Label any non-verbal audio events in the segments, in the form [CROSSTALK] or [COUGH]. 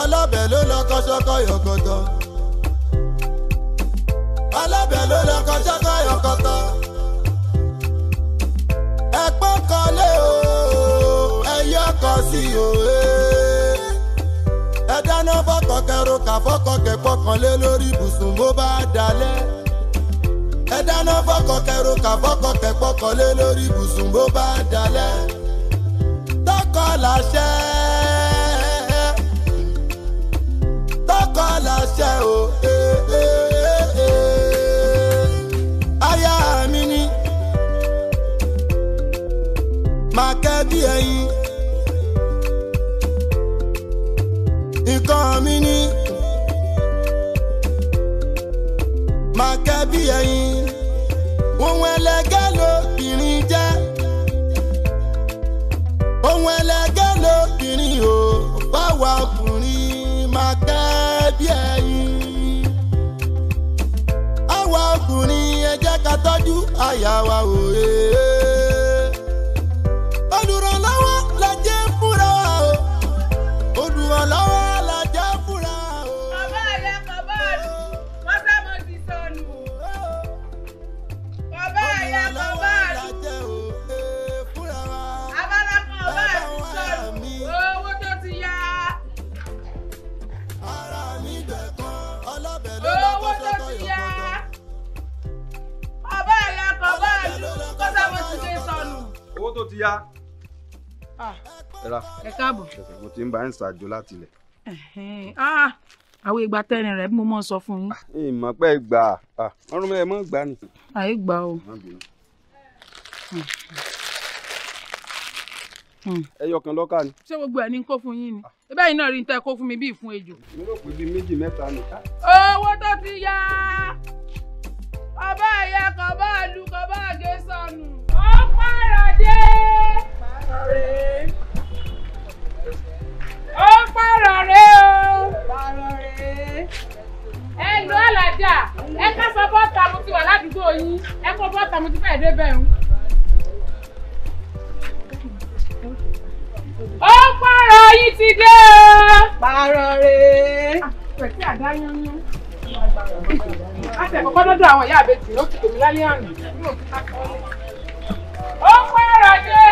ọlọ́bẹ̀ ló lọ kọ́ sọ́kọ́ yọ̀kọ̀tọ̀ ọlọ́bẹ̀ ló lọ kọ́ sọ́kọ́ yọ̀kọ̀tọ̀ ẹ̀pọ́n kọ́lé o ẹ̀yọ́ kọ́ sí o eh. ẹ dáná fọkọ̀ kẹrù kà fọkọ̀ kẹpọ̀ kan lé lórí ibùsùn bó bá dalẹ̀ ẹ dáná fọkọ̀ kẹrù kà fọkọ̀ kan lé lórí ibùsùn bó bá dalẹ̀ tọkọ làṣẹ. kọ́ láṣẹ o. aya mi ni màá kẹ́ bí ẹyin. nǹkan mi ni màá kẹ́ bí ẹyin. ohun ẹlẹgẹ́ lobìnrin jẹ́ ohun ẹlẹgẹ́. tọ́jú àyà wa òye. ti yá. Ah, ẹ káàbọ̀. mo ti ń bá ń ṣàjò láti ilẹ̀. Ah, àwọn ìgbà tẹrin rẹ mo mọ sọ fún yín. ìmọ̀ ah, pẹ́ gbà ọ̀run mẹ́rin mọ́ gbà ni. àyè gbà o. Hmm. ẹyọ kan lọ́kà ni. ṣé gbogbo ẹ̀ ní kó fún yín ni ibẹ̀ yìí náà rí tẹ́ kó fún mi bíi fún ejò. mo rò pé bíi méjì mẹ́ta ni. owó tó ti yá ọba ẹ̀yà kan bá lu bá gé sọnù. ó pààrọ̀ dé rẹ̀ ó pààrọ̀ rẹ̀ o pààrọ̀ rẹ̀ ẹ lọ àlàjà ẹ ká sọ bọ́ọ̀tà mo ti wà ládùúgbò yín ẹ kó bọ́ọ̀tà mo ti fẹ́ dé àwọn ìyá àbẹ̀tì ló ti tèmi lálẹ́ àná. ó pààrọ̀ dé.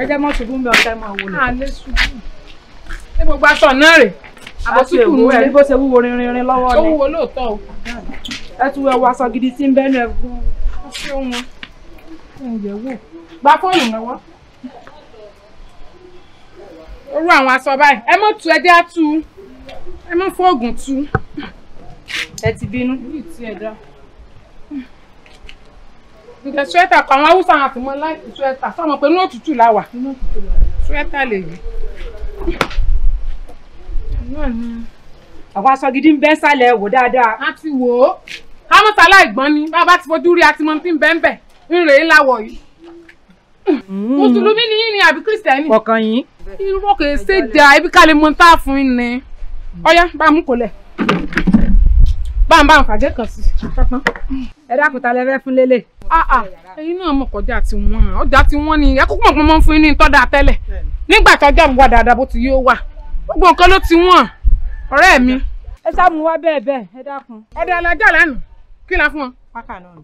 ẹ jẹ́ mọ́ ṣubú mi ọ̀tá ẹ máa wọlé. àlẹ́ ṣubú ní gbogbo aṣọ náà rè àbọ̀tútù nù ẹ. bó ṣe wúwo rinrinrin lọ́wọ́ ni. ó wúwo lóòótọ́ o. ẹ tún ẹwọ aṣọ gidi tí ń bẹ́nu ẹ fún un. ó ṣe wọn ǹjẹ́ wò. gba fóònù lọ́wọ́. orú àwọn aṣọ báyìí ẹ mọ̀ tu ẹdí àtú ẹ mọ̀ fóògùn tu. ẹ ti bínú. yìí ti ẹ̀ ǹjẹ́ suẹ́tà kọ àwọn haúsá àti mọ láìpẹ́ suẹ́tà fáwọn pé inú òtútù la wà suẹ́tà lè yí. àwa aṣọ gidi ń bẹ́ sálẹ̀ wò dáadáa. a ti wò ó kámọ́tà láìgbọ́n ni bá a bá ti fojú rí àti mọ tí ń bẹ́ ń bẹ̀ ń rèé láwọ̀ yìí. Mm. mùsùlùmí ni yín ni àbí kìrìsìtẹ́nì. kọ̀ọ̀kan yín. irú òkè ṣèjà ibi ká lè mọ tá a fún yín ni. ọyá bá a mú kò bam bam a bá a fàjẹ́ kàn era ẹ dákun ta lẹ fẹ́ fún lélẹ̀. Ah, ah. ẹyin náà mọ̀ kọjá ti wọ́n ọjà ti wọ́n ni ẹkú mọ̀ pọ́nmọ́ fún inú tọ́da tẹ́lẹ̀ nígbà tọ́jà ń wà dáadáa bó ti yóò wà gbogbo nǹkan ló ti wọ́n ọ̀rẹ́ mi. ẹ sá mu wá bẹ́ẹ̀ bẹ́ẹ̀ ẹ dákun. ọdẹ alájà lánàá kí la fún ọ. pákà náà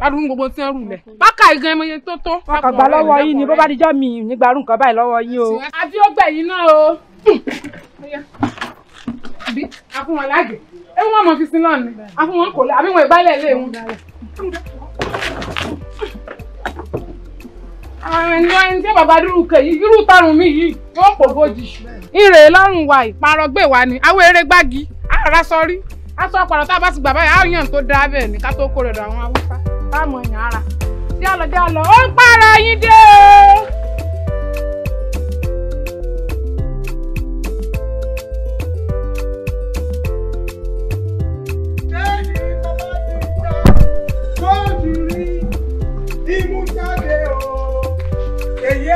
ládùúgbò gbogbo tí wọn rù lẹ pákà igan ẹmọye tó tó. pákà gbà lọ́wọ́ yín ni bó bá dijọ́ mi nígbà rú nǹkan báyìí lọ́wọ́ yín o. àbí ó gbẹ̀yìn náà o. àbí a fún wọn láàgẹ̀ ẹ wọn àmọ́ fi sin náà ni àfi wọn kò lè àbí wọn ìbálẹ̀ lé wọn. àwọn ẹni tí bàbá dúró kẹ yìí irú tarun mi yìí yóò pò bójì. ìrè lọ́rùn wa ìparọ́ gbé wa ni àwọn eré gbági àrà sọrí aṣọ ọ̀pọ̀lọ̀ tá a bá ti gbà báyìí àáyàn tó dáa bẹ́ẹ̀ ni ká tó kó rẹ̀ lọ àwọn haúsá táàmù ẹ̀yàn ara. díẹ̀ lọ díẹ̀ lọ ó ń pààrọ̀ yín dé o.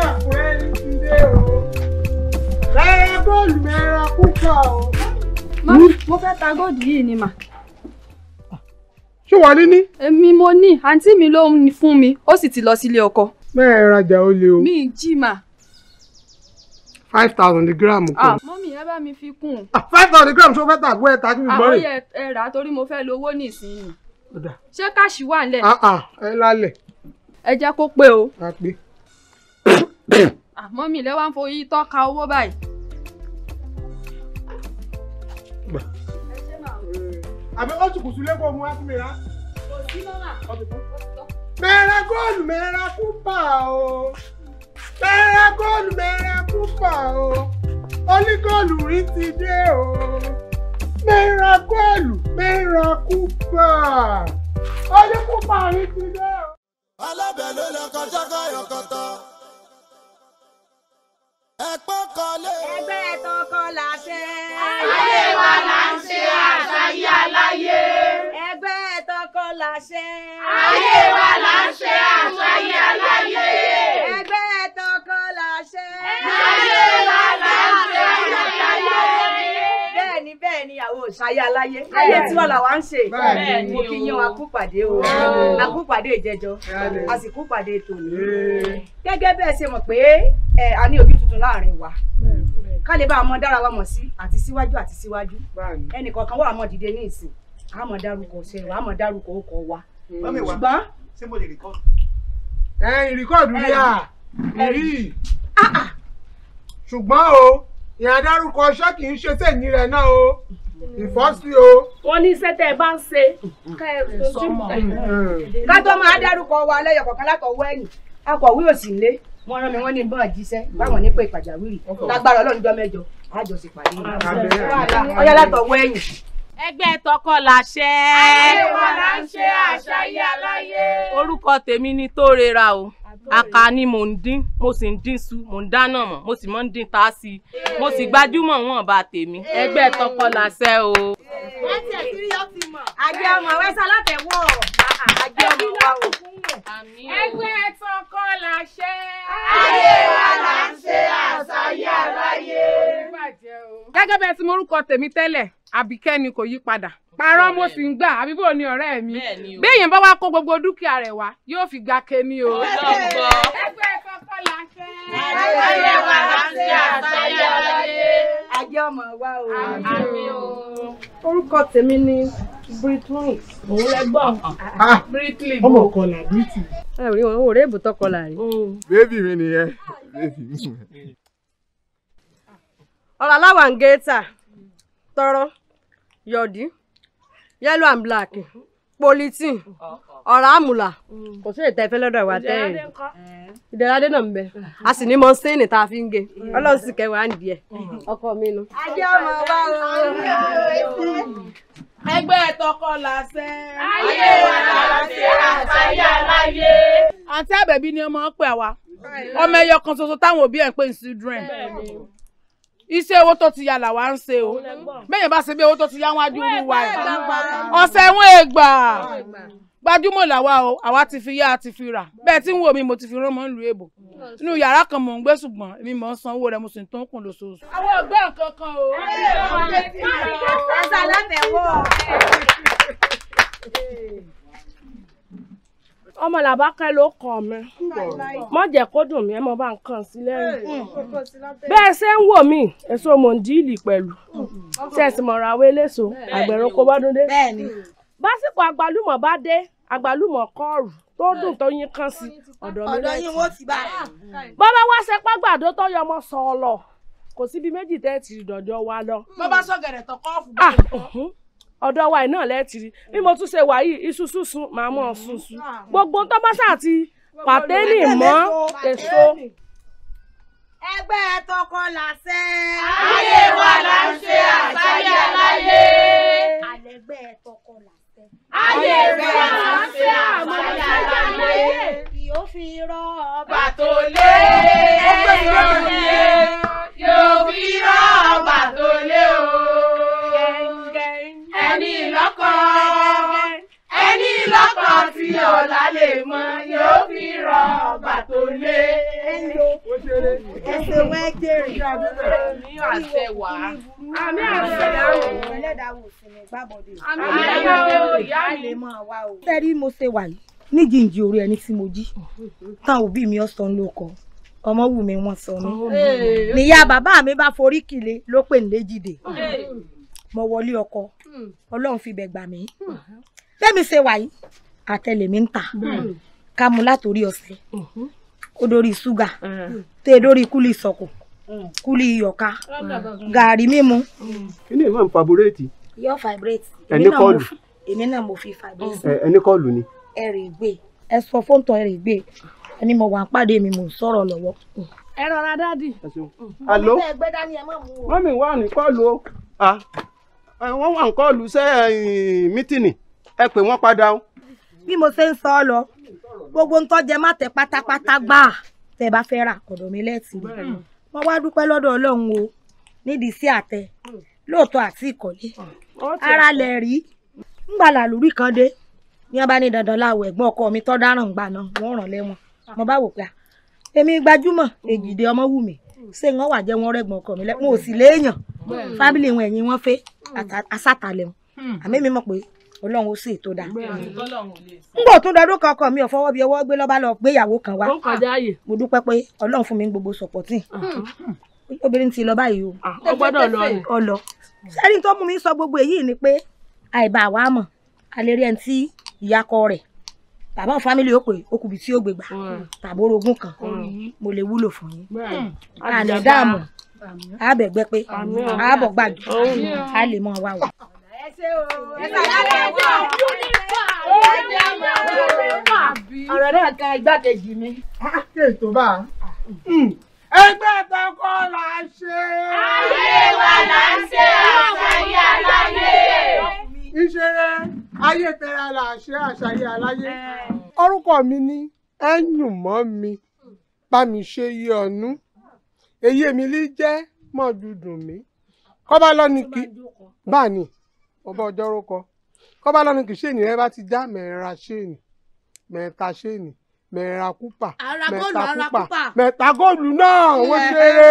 Àkúrẹ́ ní Túndé o. Rárá góòlù mẹ́ra púpọ̀ o. Hmm? Mo fẹ́ ta góòlù yìí ni mà. Ṣé wàá níní? Èmi mo ní, àǹtí mi ló ń fún mi, ó sì ti lọ sílé ọkọ. Bẹ́ẹ̀ rajà ó le o. Mi jí mà five thousand gram kù. ah mọ́mí ẹ bá mi fi kún. ah five thousand gram ṣó fẹ́ tà gbọ́ ẹ ta kí n gbọ́ ah, rẹ̀. àwọn ẹ rà á torí mo fẹ́ lo owó nísìnyí. ṣé káàṣì wà nílẹ̀. ah ah ẹ lálẹ̀. ẹ jẹ́ kó pé o. a pé àmọ́ [COUGHS] ah, mi lẹ́wà ń foyí tọ́ka owó báyìí. àbí ó ti kù sílé kó mu wá fún mi rá. kò sí lọ́nà. mẹ́ra góòlù mẹ́ra kúpà o mẹ́ra góòlù mẹ́ra kúpà o onígóòlù rí ti dé o mẹ́ra góòlù mẹ́ra kúpà oníkúpà rí ti dé o. alábẹ̀ ló lọ kọjá kọyọkọtọ ẹ̀pọ́n kan lé. ẹgbẹ́ ẹ̀tàn kan là ṣe. ayé wa là ń ṣe àṣàyè aláyé. ẹgbẹ́ ẹ̀tàn kan là ṣe. ayé wa là ń ṣe àṣàyè aláyé. ẹgbẹ́ ẹ̀tàn kan là ṣe. ayé wa là ń ṣe àṣàyè aláyé. bẹ́ẹ̀ ni àwọn òṣàyè aláyé. ayé tí wọ́n là wá ń ṣe. mo kí yín wa o. a ìjẹjọ. a sì kú pàdé gẹ́gẹ́ bẹ́ẹ̀ ṣe mọ̀ pé a ní òbí tuntun láàrin wa ká lè bá ọmọ dára wa mọ̀ sí àti síwájú àti síwájú ẹnì kọ̀ọ̀kan wà á mọ̀ dìde ní ìsìn á mọ̀ dárúkọ ṣe wà á mọ̀ dárúkọ ọkọ wa ṣùgbọ́n. ṣé mo lè rìkọ́ọ̀dù. ẹ ìrìkọ́ọ̀dù rí à rí ṣùgbọ́n o ìyá dárúkọ ṣé kì í ṣe tẹ̀yìn rẹ̀ náà o hmm. ìfọ́sí o. wọ́n ní iṣẹ́ tẹ́ ẹ bá ń ṣe ká ẹ sojú mọ́. Hmm. ká tó máa dárúkọ wa lẹ́yọ̀kọ̀kan látọ̀wọ́ ẹ̀yìn akọ̀wé òsì lé wọ́n rán mi wọ́n ní bọ́ àjíṣẹ́ báwọn nípa ìpàjáwìrì lágbára ọlọ́run jọ mẹ́jọ àjọṣe pàdé ọyá látọwọ́ ẹ̀yìn. ẹgbẹ́ tọkọ làṣẹ. ayé wa la ń ṣe àṣà yí aláyé. orúkọ tèmi ni tó rera o aka ni mo ń dín mo sì ń dín su mo ń dáná mọ mo sì mọ ń dín ta sí i mo sì gbajúmọ̀ wọn bá tèmi ẹgbẹ́ tọkọ làṣẹ o. ẹsẹ̀ tí yóò fi mọ̀. àjẹ ọmọ wẹ́sà látẹ̀wọ̀ àjẹ ọmọ wa o. ẹgbẹ́ tọkọ làṣẹ. ayé wa là ń ṣe àṣàyè aráyé. gẹ́gẹ́ bẹ́ẹ̀ tí mo rúkọ tèmi tẹ́lẹ̀ àbíkẹ́ ni kò yí padà parọ́ mo sì ń gbà àbí bò ní ọ̀rẹ́ mi béèyàn bá wá kó gbogbo dúkìá rẹ̀ wá yóò fi ga kémi o. ẹgbẹ́ kọ́kọ́ la fẹ́. ayé wa la ṣe àtàyè ọláyé. ajé ọmọ wa o. àmín o. orúkọ tèmi ni britlin. òun lẹgbọn. Ah. britlin. ọmọ kọlà britlin. ẹ rí wọn òré ìbùtọ́ kọlà rí. Oh. bébì mi nìyẹn. ọ̀rọ̀ aláwàǹgẹ̀ẹ́ta tọrọ. yọ̀dí yellow and black politin mm. ọ̀rá àmùlà mm. kò sí ètò ẹ̀fẹ́ lọ́dọ̀ ìwà tẹ́yìn ìdẹ̀rẹ́dẹ́ náà ń bẹ a sì ní mọ́sẹ́ẹ̀nì tá a fi ń gé mm. ọlọ́run sì kẹwàá ń di ọkọ mi nu. ajé ọmọ bá lọ ẹgbẹ́ tọkọ làṣẹ. ayé wa làṣẹ àtàyè aláyé. àǹtí àbẹ̀bí ni ọmọ ń pè wá ọmọ ẹyọ kan ṣoṣo táwọn òbí ẹ̀ ń pè ní children iṣẹ́ owó tó ti ya là wá ń ṣe o mẹ́yìn bá ṣe bí owó tó ti ya wọn ajú olúwa ẹ̀ ọ̀sẹ̀ wọn è gbà gbajúmọ̀ làwa o àwa ti fi yá a ti fi rà bẹ́ẹ̀ tí ń wo mi mo ti fi rán mọ́ ń lu èbò inú yàrá kan mò ń gbé ṣùgbọ́n èmi mò ń san owó rẹ mo sì ń tó ń kùn lóṣooṣù. àwọn ọgbẹ́ nǹkan kan o. ẹ̀sà látẹ̀wọ́ ọmọ làbákẹ́ ló kàn mí mọ jẹ́ kó dùn mí ẹ mọ bá nǹkan sí lẹ́yìn bẹ́ẹ̀ ṣe ń wò mí èso mò ń díìlì pẹ̀lú mm-hmm. ṣẹ̀sì mọ̀ra wé léso àgbẹ̀rún kó bọ́dún dé básìkò àgbálùmọ̀ bá dé àgbálùmọ̀ kọ́ọ̀rù tó dùn tó yín kán sí ọ̀dọ̀ mi lẹ́yìn bọ́bá wá ṣe pàgbàdo tó yọ ọmọ sọ̀ọ̀lọ̀ kò síbi méjì tẹ́ẹ̀ tì dọ̀jọ́ wa lọ. bọ́bá sọ̀gẹ̀rẹ̀ tọkọ́ ọ̀fù bá ah, mhm ọ̀dọ̀ wa iná lẹ́ẹ̀tì rí bí mo tún ṣe wà yìí iṣu sunsun màá mọ̀ mm-hmm. sunsun gbogbo tó bá ṣáà ti pàtẹ́nì mọ́ èso. ẹgbẹ́ tọkọ làṣẹ. ayé wa là ń ṣe àṣàyè aláyé. àlẹ́gbẹ́ tọkọ làṣẹ. ayé rẹ̀ là ń ṣe àṣàyè aláyé. yóò fi rọ ọba tó lé ẹgbẹ́ tó lé yóò fi rọ ọba tó lé o lọ́kàn ẹni lọ́kàn tí ọ̀la lè mọ yóò fi rọ ọ̀bà tó lé. ẹsẹ̀ wọn jèrè ní àṣẹ wá. àmì àṣẹ àwọn ẹlẹ́dàá wò sí mi gbàbọ̀dé. àmì àṣẹ àwọn ìyá mi. sẹ́rí mo ṣe wà yìí ní jìnjìn orí ẹni tí mo jí táwọn òbí mi ọ̀sán ló kọ́ ọmọ wù mí wọ́n sọ mí níyà bàbá mi bá forí kìlẹ̀ ló pè ní léjìdè mo wọlé ọkọ Hmm. ọlọ́run fi bẹ̀ mí hmm. bẹ́ẹ̀mi ṣe wà yìí àtẹlẹ̀ mi ń tà hmm. ká mu látòrí ọ̀sẹ̀ kó dórí ṣúgà eh. tẹ dórí kúlì sọ̀kò kúlì iyọ̀ká gàrí mímu. kí ni ìmọ̀ ń faburéètì. yóò faburéètì. ẹni kọlù èmi náà mo fi faburéètì. Eh, ẹni kọlù ni. ẹ rè gbé ẹ sọ fóńtọ̀ ẹ rè gbé ẹni mo wà ń pàdé mi mò ń sọ̀rọ̀ lọ́wọ́ ẹ rọra dáàdì. alo mọ́mí wà ní kọ́ọ̀lù o ah. Eh, wọ́n wà nǹkan olùṣẹ́ eh, mítìnì ẹ pè wọ́n padà o. bí mo ṣe ń sọ ọ lọ gbogbo nǹkan jẹ má tẹ pátápátá gbà tẹ bá fẹ́ ra ọ̀dọ̀ mi lẹ́tì ni wọ́n wá dúpẹ́ lọ́dọ̀ ọlọ́run o nídìí sí àtẹ lóòótọ́ àti ìkọ̀lé ara lẹ̀ rí ńgbà làlùrí kan dé ní wọn bá ní dandan láwọ ẹ̀gbọ́n ọkọ mi tọ́ dáràn gbà náà wọ́n ràn lẹ́wọ̀n mo bá wò pé èmi gbajúmọ̀ èjìdé ọmọ wù mí ṣé wọn wà jẹ wọn rẹgbọn ọkọ mi hmm. lẹ wọn léèyàn fábílì wọn ẹ̀yìn wọn fẹ́ hmm. asátàlẹ wọn àmì mi mọ̀ pé Ọlọ́run ó sì tó dáa ngbọ tún dọdún kan ọkọ mi ò bí ọwọ́ gbé lọ́ba lọ gbé kan wá ah, mo dúpẹ́ pé Ọlọ́run fún mi gbogbo sọ̀pọ̀tì ah, ah. hmm. obìnrin ti lọ báyìí o ó gbọ́dọ̀ lọ ọlọ sẹ́ni tó mú mi sọ gbogbo èyí ni pé àìbá wa mọ̀ àlè rí ìyá kọ rẹ̀ bàbá àwọn ó pè okùn bí tí ó gbégbà tàbí kan mo lè wúlò fún yín àní dáàmú àbẹ̀gbẹ́ pé àbọ̀ gbàgbé a lè mọ wa wò. ọ̀rọ̀ náà kan igbákejì mi. a kì í tó bá a hmm. ẹgbẹ́ tọkọ là ṣe. ayé wa là ń ṣe àṣàyàn láyé ìṣeré ayé tẹra là ṣe àṣàyè aláyé orúkọ mi ni ẹyùnmọ́ mi bá mi ṣe yí ọ̀nú èyí èmi lè jẹ́ mọ́ dùdùn mi kọ́ba lọ́ni kì í bá ní ọba ọjọ́ rúkọ kọ́ba lọ́ni kì í ṣe ènìyàn bá ti já mẹ́ra ṣéènì mẹ́ta ṣéènì mẹ́ra kúpà mẹ́ta kúpà mẹ́ta góòlù náà wọ́n ṣeré.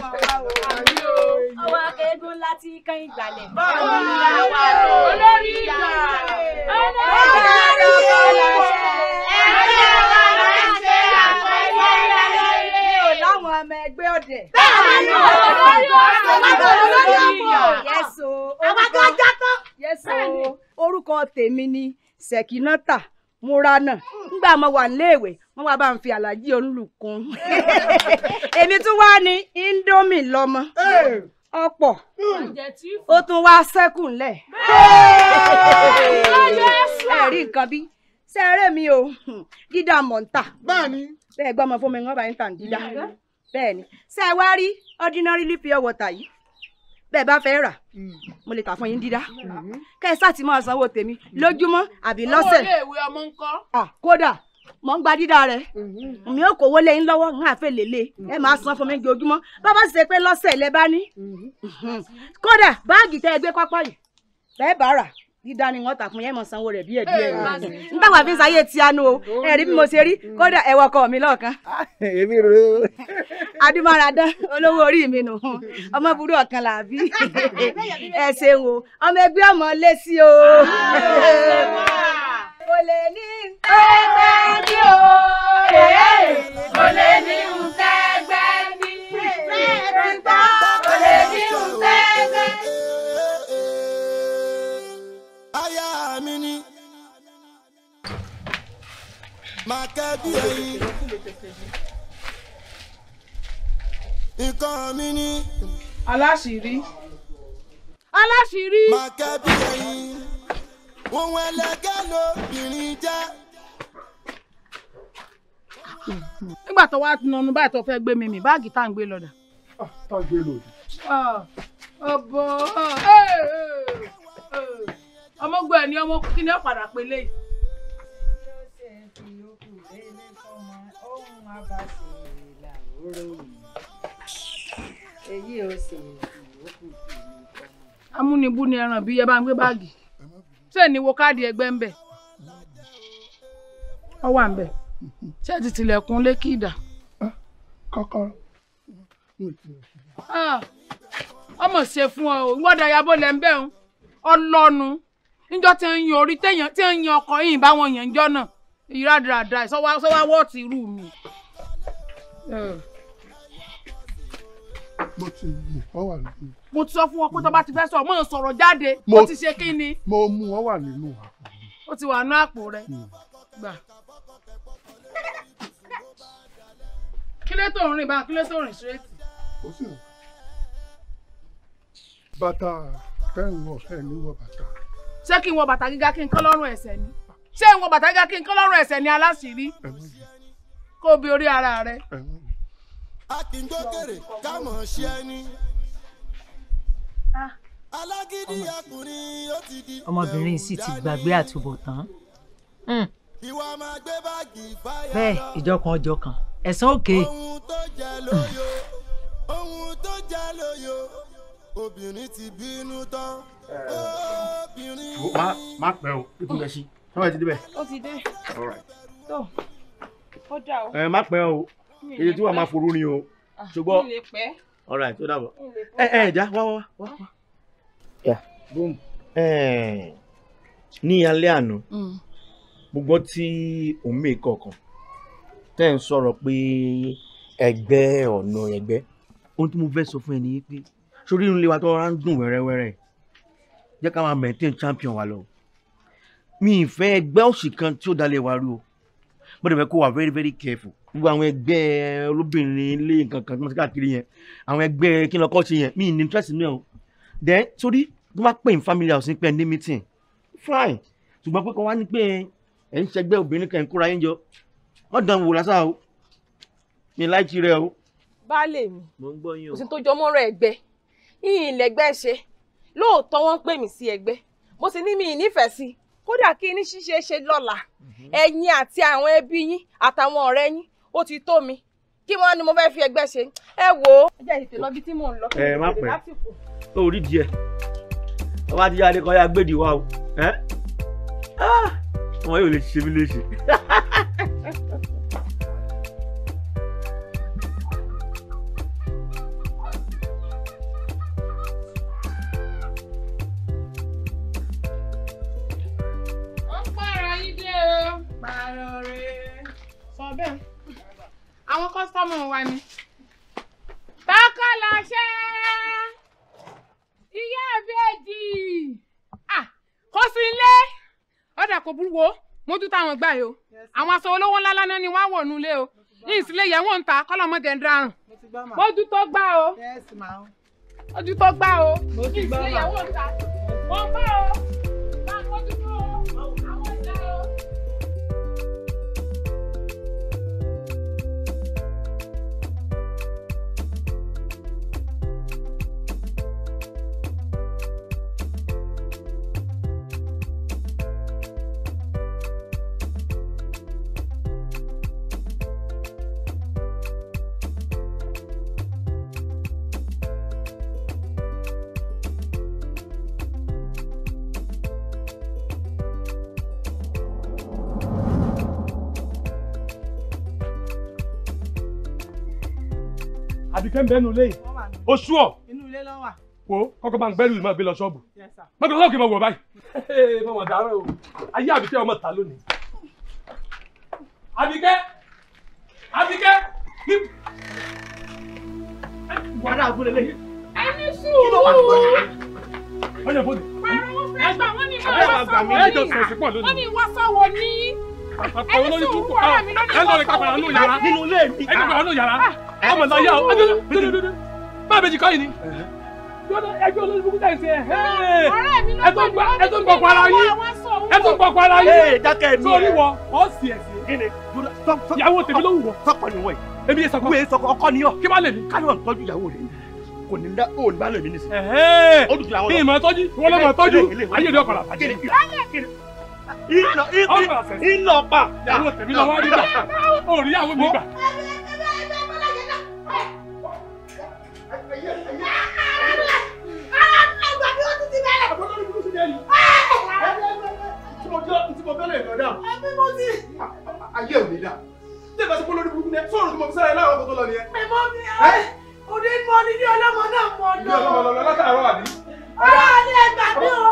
àwọn akéégún láti kan ìgbàlẹ̀. báwo ni àwa olórí ìgbàlẹ̀ olórí ìgbàlẹ̀ ẹgbẹ́ wa máa ń ṣe àpẹẹrẹ ìgbàlẹ̀. mi ò láwọn ọmọ ẹgbẹ́ ọ̀dẹ̀. bẹ́ẹ̀ ni olórí ọ̀pọ̀ olórí ọ̀pọ̀ yẹ́sọ̀ orúkọ tèmi ni sẹ̀kínátà. mo náà nígbà mo wà níléèwé wọn bá ń fi aláàjì olùkún [LAUGHS] èmi tún wá ní indomie lọmọ ọ̀pọ̀ hmm. ó tún wá ṣẹ́kù ńlẹ̀ nǹkan bí mi o dídá mọ̀ǹtà bẹ́ẹ̀ gbọ́mọ fún mi ń wọ́n bá dídá bẹ́ẹ̀ ni bẹ́ẹ̀ bá fẹ́ rà hmm. mo lè tà fún yín dídá hmm. Hmm. kẹ́ ẹ sáà ti máa sanwó tèmi lójúmọ́ àbí lọ́sẹ̀. owó iléèwé ọmọ ń kọ́. kódà mò ń gba dídá rẹ̀ mi ò kówó lẹ́yìn lọ́wọ́ ń àfẹ́ lélẹ̀ ẹ máa san fún mi ojoojúmọ́ bàbá sì ṣe pé lọ́sẹ̀ lẹ bá ní. kódà báàgì tẹ́ ẹ gbé pápá yìí bẹ́ẹ̀ bá rà dídá ni wọ́n tàkùn yẹn mọ̀ sanwó rẹ̀ bí ẹ̀bí ẹ̀rọ n táwọn àfi ń sayé nu o ẹ̀rí bí mo ṣe rí kódà ọkọ mi lọọkan. Ah, èmi rò ó. [LAUGHS] olówó orí mi nù ọmọ burú ọ̀kan làbí [LAUGHS] ẹ ṣeun o ọmọ ọmọ lé sí o. mo [LAUGHS] lè ní o mo lè ní máa kẹ́ bí ẹyin. aláṣìírí. aláṣìírí. máa kẹ́ bí ẹyin. ohun jẹ́. nígbà tó wá nanu báyìí tó fẹ́ gbé mi mi báàgì tá à ń gbé lọ́dà. Ah, tá gbé lòdì. Ah, ọ̀bọ̀ eh, eh, eh. ọmọ gbọ́ ẹ̀ ní ọmọ kí ni ó padà fi yókù délé fọmọ ohun abàṣìrè làwòrò mi èyí ò sì yókù délé fọmọ. amúnibú ni ẹran bíi ẹ bá ń gbé báàgì ṣé ni wo káàdì ẹgbẹ́ ń bẹ̀ ọ wà ń bẹ̀ ṣé ti tilẹ̀kùn lékì ìdá. kọ́kọ́rọ́ ọmọ ṣe fún ọ ìwọ́dà yabó lẹ́ ń bẹ̀ ń ọlọ́nu níjọ́ tí ń yan orí tí ọkọ̀ yìí báwọn yàn ń náà irá dàda ẹ̀ sọ́wọ́ sọ́wọ́ wọ́ọ̀tì irú mi. mo ti mú ọ wà nínú. mo ti sọ fún wọn pé tó ti fẹ́ sọ̀rọ̀ mò ń jáde mo ti ṣe kí ni. mo mú ọ wà nínú àpò mi. ó ti wà ní àpò rẹ hmm. kí ló tó ń rìn bá kí ló tó rìn ṣírẹ́tì. ó sì rìn bàtà kẹ́hìn wọ̀ ẹ̀ ní wọ bàtà. ṣé kí n wọ bàtà gíga kí n kán lọ́rùn ẹ̀sẹ̀ ni ṣé ìwọ bàtà kí n kán lọ́rùn ẹ̀sẹ̀ ni aláṣìírí kó o bí orí ara rẹ. a kì í gbókèrè kámọ̀ ṣe ẹni. Ah. alágídí ọkùnrin ó ti di. ọmọbìnrin sì ti gbàgbé àtúbọ̀tán. Hmm. ìwà máa gbé báàgì fáyà lọ. bẹ́ẹ̀ ìjọkan ọjọkan ẹ̀sán òkè. ohun tó jẹ lóyò ohun tó jẹ lóyò obìnrin ti bínú tán. Eh. obìnrin. má pẹ́ o ikú yẹ ṣé wàá ti débẹ̀. ó ti dé. tó ó dà o. ẹ má pẹ́ o èyí tí wàá máa forú ni o ah, ṣùgbọ́n mi lè pẹ́. ọ̀rọ̀ ẹ̀ tó dàbọ̀. ẹ ẹ ìjà wá wá wá. Ah. ní alẹ́ àná mm. gbogbo tí òun mè kọ̀ọ̀kan tẹ́ ń sọ̀rọ̀ pé ẹgbẹ́ ọ̀nà ẹgbẹ́ ohun tí mo fẹ́ sọ fún ẹ nìyí pé sórí inú wa tó rárá ń dùn wẹ́rẹ́wẹ́rẹ́ jẹ́ ká máa maintain champion wa lọ mi ìfẹ́ ẹgbẹ́ òsì kan tí ó dalẹ̀ wá rú o mo dẹ̀ fẹ́ kó wà very very careful gbogbo àwọn ẹgbẹ́ olóbìnrin ilé nǹkan kan tí wọ́n ti káàkiri yẹn àwọn ẹgbẹ́ kí n lọ́kọ́ ṣe yẹn mi ní interest nínú o then torí tó bá pè ní family house ní pẹ́ ní meeting fine ṣùgbọ́n pé kọ́ wá ní pé ẹ̀ ń ṣẹgbẹ́ obìnrin kan kóra yín jọ wọ́n dán wò lásà o mi láì ti rẹ o. baálé mi kò sí tó jọ mọ́rọ̀ ẹgbẹ́ yìnyín lẹ́gbẹ́ ṣe lóòótọ́ wọ́n pè mí sí ẹgbẹ́ mo sì ní mi ì nífẹ̀ẹ́ sí i kódà kí ní ṣíṣe ṣe lọ́la mhm. ẹ̀yin àti àwọn ẹbí yín àtàwọn ọ̀rẹ́ yín ó ti tó mi kí wọ́n ní mo fẹ́ fi ẹgbẹ́ ṣe ẹ wò ó. ẹ jẹ́ ìtẹ̀lọ́ bí tí mò ń lọ. ẹ má pẹ́ tó rí díẹ̀ wọ́n bá ti yá adé kan yá gbèdì wa o ẹ́ ah! ọmọ yóò lè ṣe mí léṣe. [LAUGHS] àrò rèé. sọ bẹ́ẹ̀ àwọn kọ́sítọ́mù wa ni. tọkọlọṣẹ ìyá ìbejì kó sí ilé ọ̀dà kò burú wo mo tún táwọn gbà yìí o àwọn aṣọ olówó ńlá lánàá ni wọ́n á wọ̀ nulẹ̀ o ní ìsílẹ̀ yẹn wọ́n ń ta kọ́lọ́mọdé ń darun mójú tó gbà o mójú tó gbà o ní ìsílẹ̀ yẹn wọ́n ń ta wọ́n gbà o. tẹ́ ń bẹ́ nu ilé yìí oṣù ọ̀ wo kọ́kọ́ bá ń gbẹ́rù ìmọ̀ gbé lọ ṣọ́ọ̀bù mọ́tò lọ́kì mọ̀ wọ̀ báyìí. mọ̀ wọ̀n dáràn o ayé àbíkẹ́ ọmọ ta lónìí. àbíkẹ́ àbíkẹ́ kí. wàrà àbúlé lẹ́yìn. ẹni sùúrù. kí ló wà lọ́wọ́. ọ̀yẹ̀ fòdì. ẹgbẹ́ wọn ni wọ́n sọ̀wọ́ ní. ẹni sùúrù wàrà mi lónìí wọ́n sọ̀wọ́ ní. ẹni sọ̀rọ̀ ọmọ náà yá o adúlọ máa bèjì kọ́ yìí ni ẹgbẹ́ olóṣèlú tẹ̀ sí ẹ ẹ tó ń gbọ́ ẹ tó ń gbọ́ kwara yín ẹ tó ń gbọ́ kwara yín sórí wọ ọ sì ẹ sí ìyàwó tèmi ló wù wọ. sọkọ ni wọ yìí èmi yẹ sọkọ wíyẹ sọkọ ọkọ ni kí bá lè mi káyọ̀ ń tọ́jú ìyàwó rẹ̀ kò ní dá òòlù bá lè mi nísìnyí. ní ìmọ̀ tọ́jú wọn lọ́mọ tọ́jú ayé ni ọkọ̀ làbàjẹ́ ìlọ pa ìyàwó tèmi lọ wá nígbà òòlù ìyàwó mi gbà ayé ò ní dà tẹ́ bá ti pọ́n lórí burúkú ní ẹ sọ̀rọ̀ tí mo fi sára ẹ láàárọ̀ tó tó lọ ni ẹ. ẹ mọ mi ẹ òde mọ ni ní ọlọmọ náà mọ lọ. ní ọlọmọ lọ látàárọ̀ àbí. ọ̀rọ̀ àlẹ́ ẹgbàá mi o.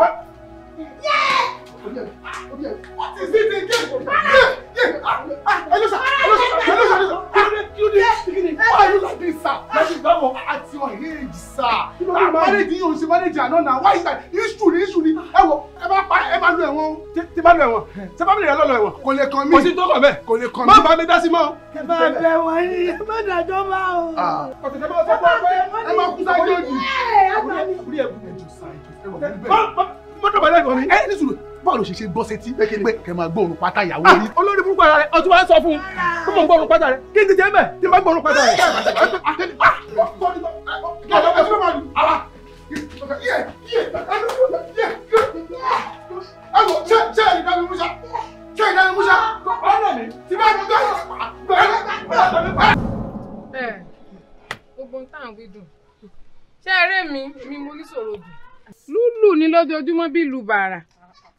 What is it again? Yeah, yeah. Ah, ah, Elosa, Elosa, Elosa, Elosa. You did. Why are you like this, sir? That is not at your age, sir. Ah, marriage yìí o ṣe marriage àná na. Why is that? You should, you should. Ẹ wo, ẹ bá pa ẹ bá lu ẹ̀wọ̀n. Tí bá lu ẹ̀wọ̀n, tí bá bẹ̀rẹ̀ lọ́lọ́ ẹ̀wọ̀n. Kò lè kàn mí. Kò sí tó kàn bẹ́ẹ̀. Kò lè kàn mí. Má bàa mi dá sí mọ́. Ẹ bá bẹ̀ wọ́n yìí, ẹ má dàjọ́ máa o. Ọ̀sẹ̀ tẹ́ bá sọ fún ọ pé ẹ má kú sáájú òjì. Ẹ má kú sáájú òjì. Ẹ má kú sáájú òjì. Ẹ má kú sáájú òjì. Ẹ má kú sáájú òjì. Ẹ bọ́ọ̀lù ṣe ṣe gbọ́ sétí pé pé kẹ máa gbóòórùn pátá ìyàwó rí. Ah, olórí burúkú ara rẹ ọtún wa sọ fún un kó mọ̀ ń gbóòórùn pátá rẹ kí n ti jẹ́ mẹ́ tí n bá gbóòórùn pátá rẹ. ẹwọ ṣe ṣe ìdá mi musa ṣe ìdá mi musa ọ̀nà mi ti bá mi gbẹ́yìn gbẹ́yìn gbẹ́yìn. ẹ gbogbo ń tàn wí dùn ṣé eré mi mi mo ní sòro jù. lúlù ni lójoojúmọ́ bí lu bàrà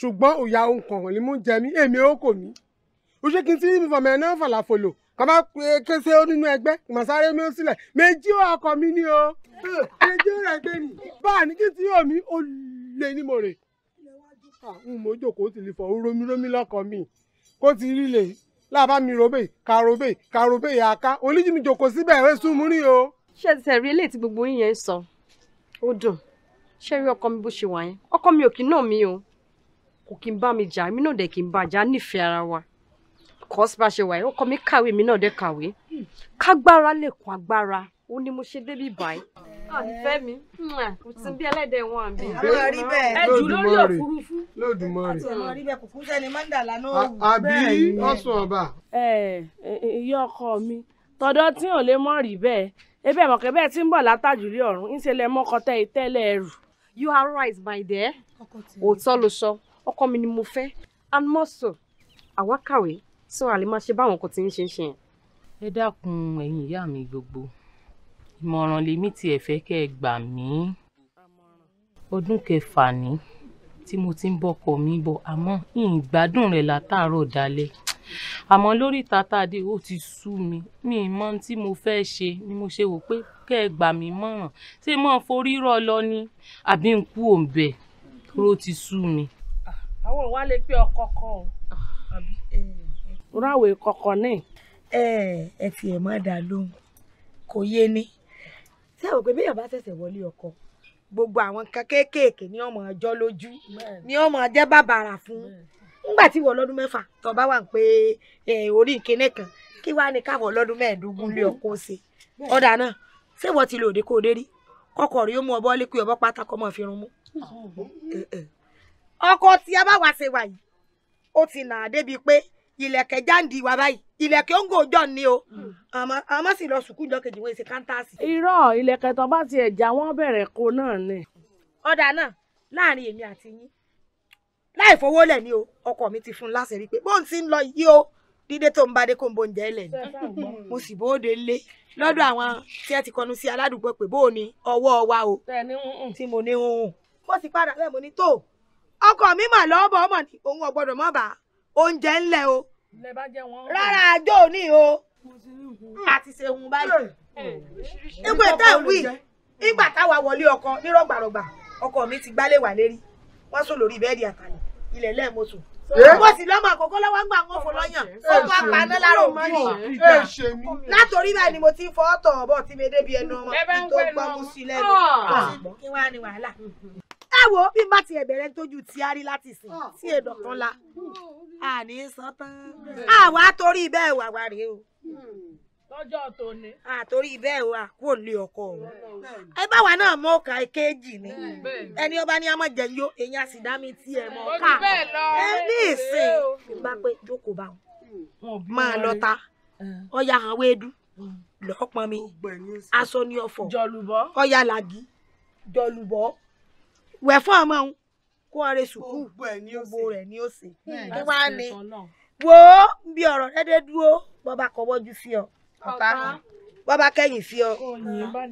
ṣùgbọ́n òyà ohun kọ̀ọ̀kan ni mò ń jẹ mí èmi ó kò mí o ṣe kí n tí mi fọmọ ẹ náà fàlàfolò kàbá kése ó nínú ẹgbẹ́ mà mi ó sílẹ̀ méjì ó akọ mi ni o méjì ó rẹ̀ gbé ni báà ní kí tí yóò mi ó lè ní mo rè n mo jòkó ti lè fọ romiromi lọkọ mi kó ti rí lè láàbá mi robe karobe karobe yàká olójú mi jòkó síbẹ̀ ẹ̀ sún mú rí o. ṣé ti sẹ̀rí eléyìí tí gbogbo yín yẹn ń sọ ó dùn ṣé rí ọkọ mi bó ṣe wà yẹn ọkọ mi ò kì náà mi o kò kí n bá mi jà èmi náà dẹ̀ kí n bá jà nífẹ̀ẹ́ ara wa kọ́sí bá ṣe wà yìí ọkọ mi kàwé èmi náà dẹ̀ kàwé kágbára lè kún agbára ó ní mo ṣe débi báyìí. ìfẹ́ mi kò sí bí ẹlẹ́dẹ̀ wọn àbí. ẹ jù lórí òfurufú. lódùmarè àbí ọ̀sùn ọba. ẹ ẹ iye ọkọ mi tọ̀dọ̀ tí ò lè mọ rí bẹ́ẹ̀ ebe mọkẹ bẹ́ẹ̀ tí ń bọ̀ látàjùlé ọ̀run ń ṣe lẹ mọkọtẹ ìtẹlẹ ẹrù. you are right my dear òótọ́ ló sọ ọkọ mi ni mo fẹ́ and more so àwa kàwé so a máa ṣe báwọn kò ti ń ṣe ṣe yẹn. ẹ dákun ẹ̀yin ìyá mi gbogbo ìmọ̀ràn lèmi tiẹ̀ fẹ́ kẹ́ ẹ gbà mí ọdún kẹfà ní tí mo ti ń bọkọ mi bọ àmọ́ ìgbádùn rẹ̀ látàárọ̀ dalẹ́ àmọ́ lórí tàtàdé ó ti sú mi mi mọ tí mo fẹ́ ṣe ni mo ṣe wò pé kẹ́ ẹ gbà mí mọ̀ràn ṣé mo forí rọ̀ lọ ni àbí n kú òǹbẹ̀ tó ti sú mi àwọn ò wá lè pé ọkọ kan o. ráwèé kọkọ náà. ẹ ẹ fi ẹ má dà lóhùn kò yé ni ṣé àwọn pé bíyàn bá ṣẹ̀ṣẹ̀ wọlé ọkọ gbogbo àwọn nǹkan kéékèèké ní ọmọ ọjọ́ lójú ní ọmọ ọjọ́ bàbàrà fún nígbà tí wọ́n lọ́dún mẹ́fà tó bá wà ń pé orí ìkíní kan kí wàá ní káwọn lọ́dún mẹ́ẹ̀ẹ́dógún lé ọkọ ṣe ọ̀dà náà ṣé wọ́n ti lòdì kó o dé rí kọkọ rí ó mú ọbọ̀ lé pé ọbọ̀ pátákọ́ mọ̀ fi rún mú ọkọ tí a bá wá ṣe wà yìí ó ti nà á débi pé ìlẹ̀kẹ̀ jáǹdì wà báyìí ìlẹ̀kẹ̀ ó ń gòjọ́ ni o àmọ́ sì lọ sùkúù jọ kejì wọn ṣe kántàsì. irọ́ ìlẹ̀kẹ̀ tó bá ti ẹ̀já wọn bẹ̀rẹ̀ ko náà ni. ọ̀dà náà láàrin èmi àti yín láì fowó lẹ̀ ni o ọkọ mi ti fún un láṣẹ rí i pé bóun ti ń lọ yí o dídé tó ń bá dé kó ń bóun jẹ́ ẹlẹ̀ ni mo sì bóde lé lọ́dọ̀ àwọn tí ẹ ti kọnu sí aládùúgbò pé bóun ni ọwọ́ wa o tí mo ní hùn mo sì padà bẹ́ẹ̀ mo ní tó ọkọ mi mà lọ́ọ́ bọ̀ ọmọ ni òun ọ̀gbọ́dọ̀ mọ́ bá oúnjẹ ńlẹ̀ o rárá àjọ òní o àti ṣeun báyìí nígbà tá à ń wí nígbà táwa wọlé ọkọ nírọ̀gbàrọ̀gbà ọkọ mi ti gbálé wà lérí wọ́n sùn lórí bẹ́ẹ̀dì àtàlẹ̀ ilẹ̀ lẹ́ẹ̀mọ́tò wọ́n sì lọ́mọ àkókò lọ́wọ́ ń gbà wọ́n fò lọ́yàn wọ́n fọ́ apaná lára òbí látòrí báyìí ni mo ti fọ́ ọ̀tọ̀ ọ̀bọ̀ tí mi débi ẹnu ọmọ tó gbọ́ mú sí lẹ́nu ah. kí wọ́n á ní wàhálà ẹ wo bí n bá tiẹ̀ bẹ̀rẹ̀ ń tójú tí a rí láti sìn sí ah, èdò kan la àní hmm. sàn tán àwa hmm. torí bẹ́ẹ̀ wà wà rèé o hmm. lọ́jọ́ tòní. àtòrí bẹ́ẹ̀ wà kúrò lé ọkọ wọn. ẹ bá wa náà mọ ọkà kejì ni ẹni ọba ní ọmọ jẹ yó èyí á sì dá mi tí ẹ mọ ká ẹ ní ìsìn bá pé jókòó bá wọn máa lọ ta ọyà hàn wéédú lọ́ọ́ mi aṣọ ní ọ̀fọ̀ ọyà làgí jọlùbọ́ wẹ̀ fún ọmọ òun kó ọrẹ sùkúù gbogbo rẹ̀ ni ó sì kí wàá ní wo bí ọ̀rọ̀ dédé dúró bọ́ba kọ́wọ́jú sí ọ ọ̀tá bọ́ba kẹ́yìn sí ọ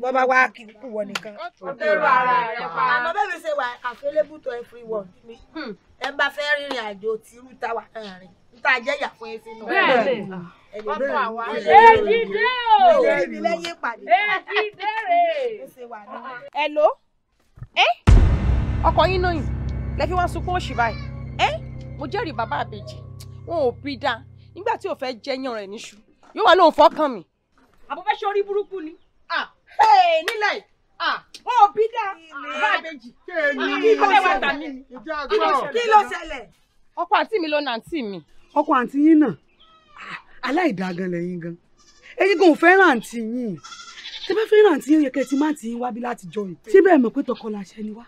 bọ́ba wá kí kú wọ nìkan. àmọ́ bẹ́ẹ̀ mi ṣe wà available to everyone mi hmm. ẹ bá fẹ́ rìnrìn àjò tìrú táwa náà rìn níta jẹ́yà fún ẹsẹ̀ náà. bẹ́ẹ̀ ọkọ àwa èjìdé o èjìdé rè. ẹ ló ẹ. Eh? ọkọ yín náà yìí lẹ́fí wá sunkún òṣì báyìí ẹ́ mo jẹ́rìí bàbá àbèjì wọn ò bí dáa nígbà tí ò fẹ́ jẹyàn rẹ̀ níṣu yóò wá lóun fọ́kàn mi. àbúfẹ́ ṣe orí burúkú ni nílẹ̀ yìí wọn ò bí dáa bàbá àbèjì kí ló ṣẹlẹ̀ kí ló ṣẹlẹ̀. ọkọ àǹtí mi ló na àǹtí mi. ọkọ àǹtí yín náà aláìdáa gan lẹ́yìn gan ẹ̀yin gan ò fẹ́ràn àǹtí yín tẹ bá fẹ́ràn àǹtí yín yẹ kẹ́ ẹ ti má ti wá bí láti jọ yìí síbẹ̀ mọ̀ pé tọkọ làṣẹ ni wá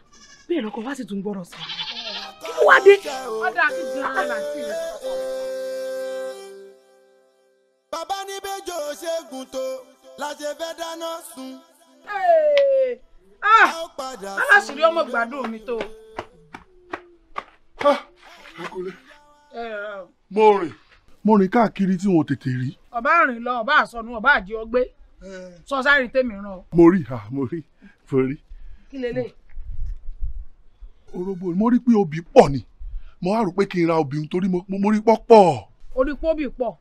bẹ́ẹ̀ lọ́kọ wá sì tún gbọ́rọ̀ sí i kí ló wá dé. ọ̀dà àti jẹun láti rẹ̀. bàbá ní bẹ́jọ́ ṣẹ́gun tó la ṣe fẹ́ dáná sun. aláṣìírí ah! ọmọ gbàdúrà mi tó. mo rìn mo rìn káàkiri tí wọn tètè rí. ọba rìn lọ ọba àsọnù ọba àjẹ ọgbẹ sọ sáré tèmi ràn. mo rí ha mo rí mo rí. kí lélẹ̀ orógbó mo rí pé obì pọ̀ ni mo wá rò pé kí n ra obì nítorí mo rí pọ́ pọ̀. orí pé obì pọ̀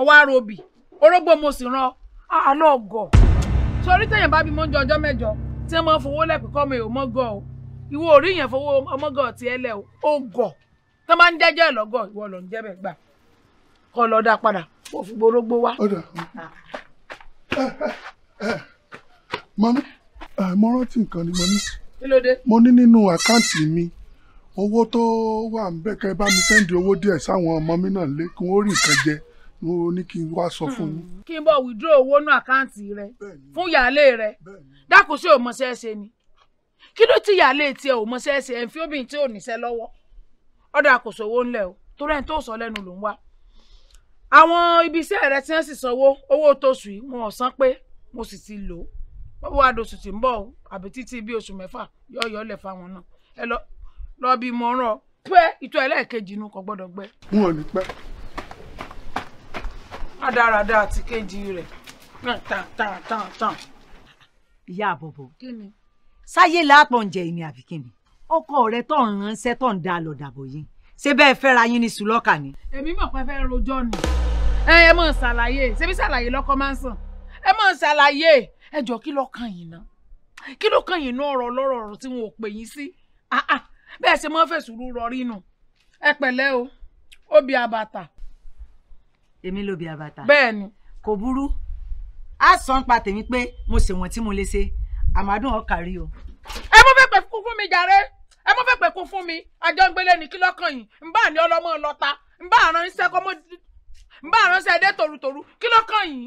ọwọ́ àrò obì orógbó mo sì ran ah, àlọ́ ọgọ̀ sọrí tẹ̀yìn bá bímọ oúnjẹ ọjọ́ mẹ́jọ tí wọ́n máa ń fowó lẹ́pẹ́ kọ́ mi ò mọ́ gọ̀ o ìwọ orí yẹn fowó ọmọgọ̀ ti ẹ lẹ̀ o ó gọ̀ tó máa ń jẹ́jẹ́ lọ́gọ̀ ìwọ ló ń jẹ́ bẹ́ẹ̀ gbà kọ́ lọ dá padà kó fi gbórógbó wá. Ah. Eh, eh, eh. mọ́mí mo rántí nǹkan ni mọ́mí kí ló dé. mo ní nínú àkáǹtì mi owó tó wà ń bẹ̀ kẹ́ bá mi sẹ́ndì owó díẹ̀ sáwọn ọmọ mi náà lé kí wọ́n rí nǹkan jẹ mo ní kí n wá sọ fún yín. Hmm, kí n bọ̀ withdraw owó nú àkáǹtì rẹ fún ìyáálé rẹ dákun ṣé o mọṣẹ́ ṣe ni kí ló ti ìyáálé tiẹ̀ ò mọṣẹ́ ṣe ẹ̀ ń fi obìnrin tí ò níṣẹ́ lọ́wọ́ ọ̀dọ̀ àkóso owó ńlẹ̀ o torí ẹni tó sọ lẹ́nu ló ń wá àwọn ibiṣẹ́ rẹ tí wọ́n sì sanwó owó tóṣù yìí wọn ò san pé mo sì ti lò ó bọ́bọ́ wa dòṣù tí ń bọ̀ o àbí títí bí oṣù mẹ́fà yọ̀ọ̀yọ̀ lẹ̀ fáwọn náà ẹ lọ lọ bí mo rán ọ pé ìtọ́ ẹlẹ́ẹ̀kejì inú kò gbọ́dọ̀ gbẹ. wọn ò ní pẹ́. rádaràda àti kejì rẹ̀ tàn tàn tàn tàn. ìyá àbọ̀bọ̀ sáyé láàpọ̀ ǹjẹ́ ìní àbí kíni ọkọ rẹ tó ń ránṣẹ́ tó ń da lọ dàbọ̀ yìí ṣé bẹ́ẹ̀ fẹ́ra yín ní sùlọ́kà ni. èmi mọ̀ pé fẹ́ rojọ́ ni ẹ ẹ mọ̀ ṣàlàyé ṣebí ṣàlàyé lọ́kọ máa ń sàn ẹ mọ̀ ṣàlàyé ẹ jọ kí ló kàn yín náà kí ló kàn yín náà ọ̀rọ̀ lọ́rọ̀ ọ̀rọ̀ tí wọn ò pè yín sí ah, ah, bẹ́ẹ̀ ṣe máa ń fẹ̀sùrù rọrí nù ẹ pẹ̀lẹ́ o obì àbàtà. èmi lóbi àbàtà. bẹ́ẹ̀ ni. kò burú a sọ ń pa tèmi pé mo ṣèwọ̀n tí mo lè ṣe àmàdùn ọkà rí o. ẹ mọ fẹ́ pẹ̀ fún mi jàre ẹ mọ fẹ́ pẹ̀ kún fún mi àjọ ńgbélé ní kí lọ́kàn yìí ń bá ní ọlọ́mọ lọ́ta ń bá àránṣẹ́ kọ́mọ́ ń bá àránṣẹ́ ẹdẹ tòrutòru kí lọ́kàn yìí.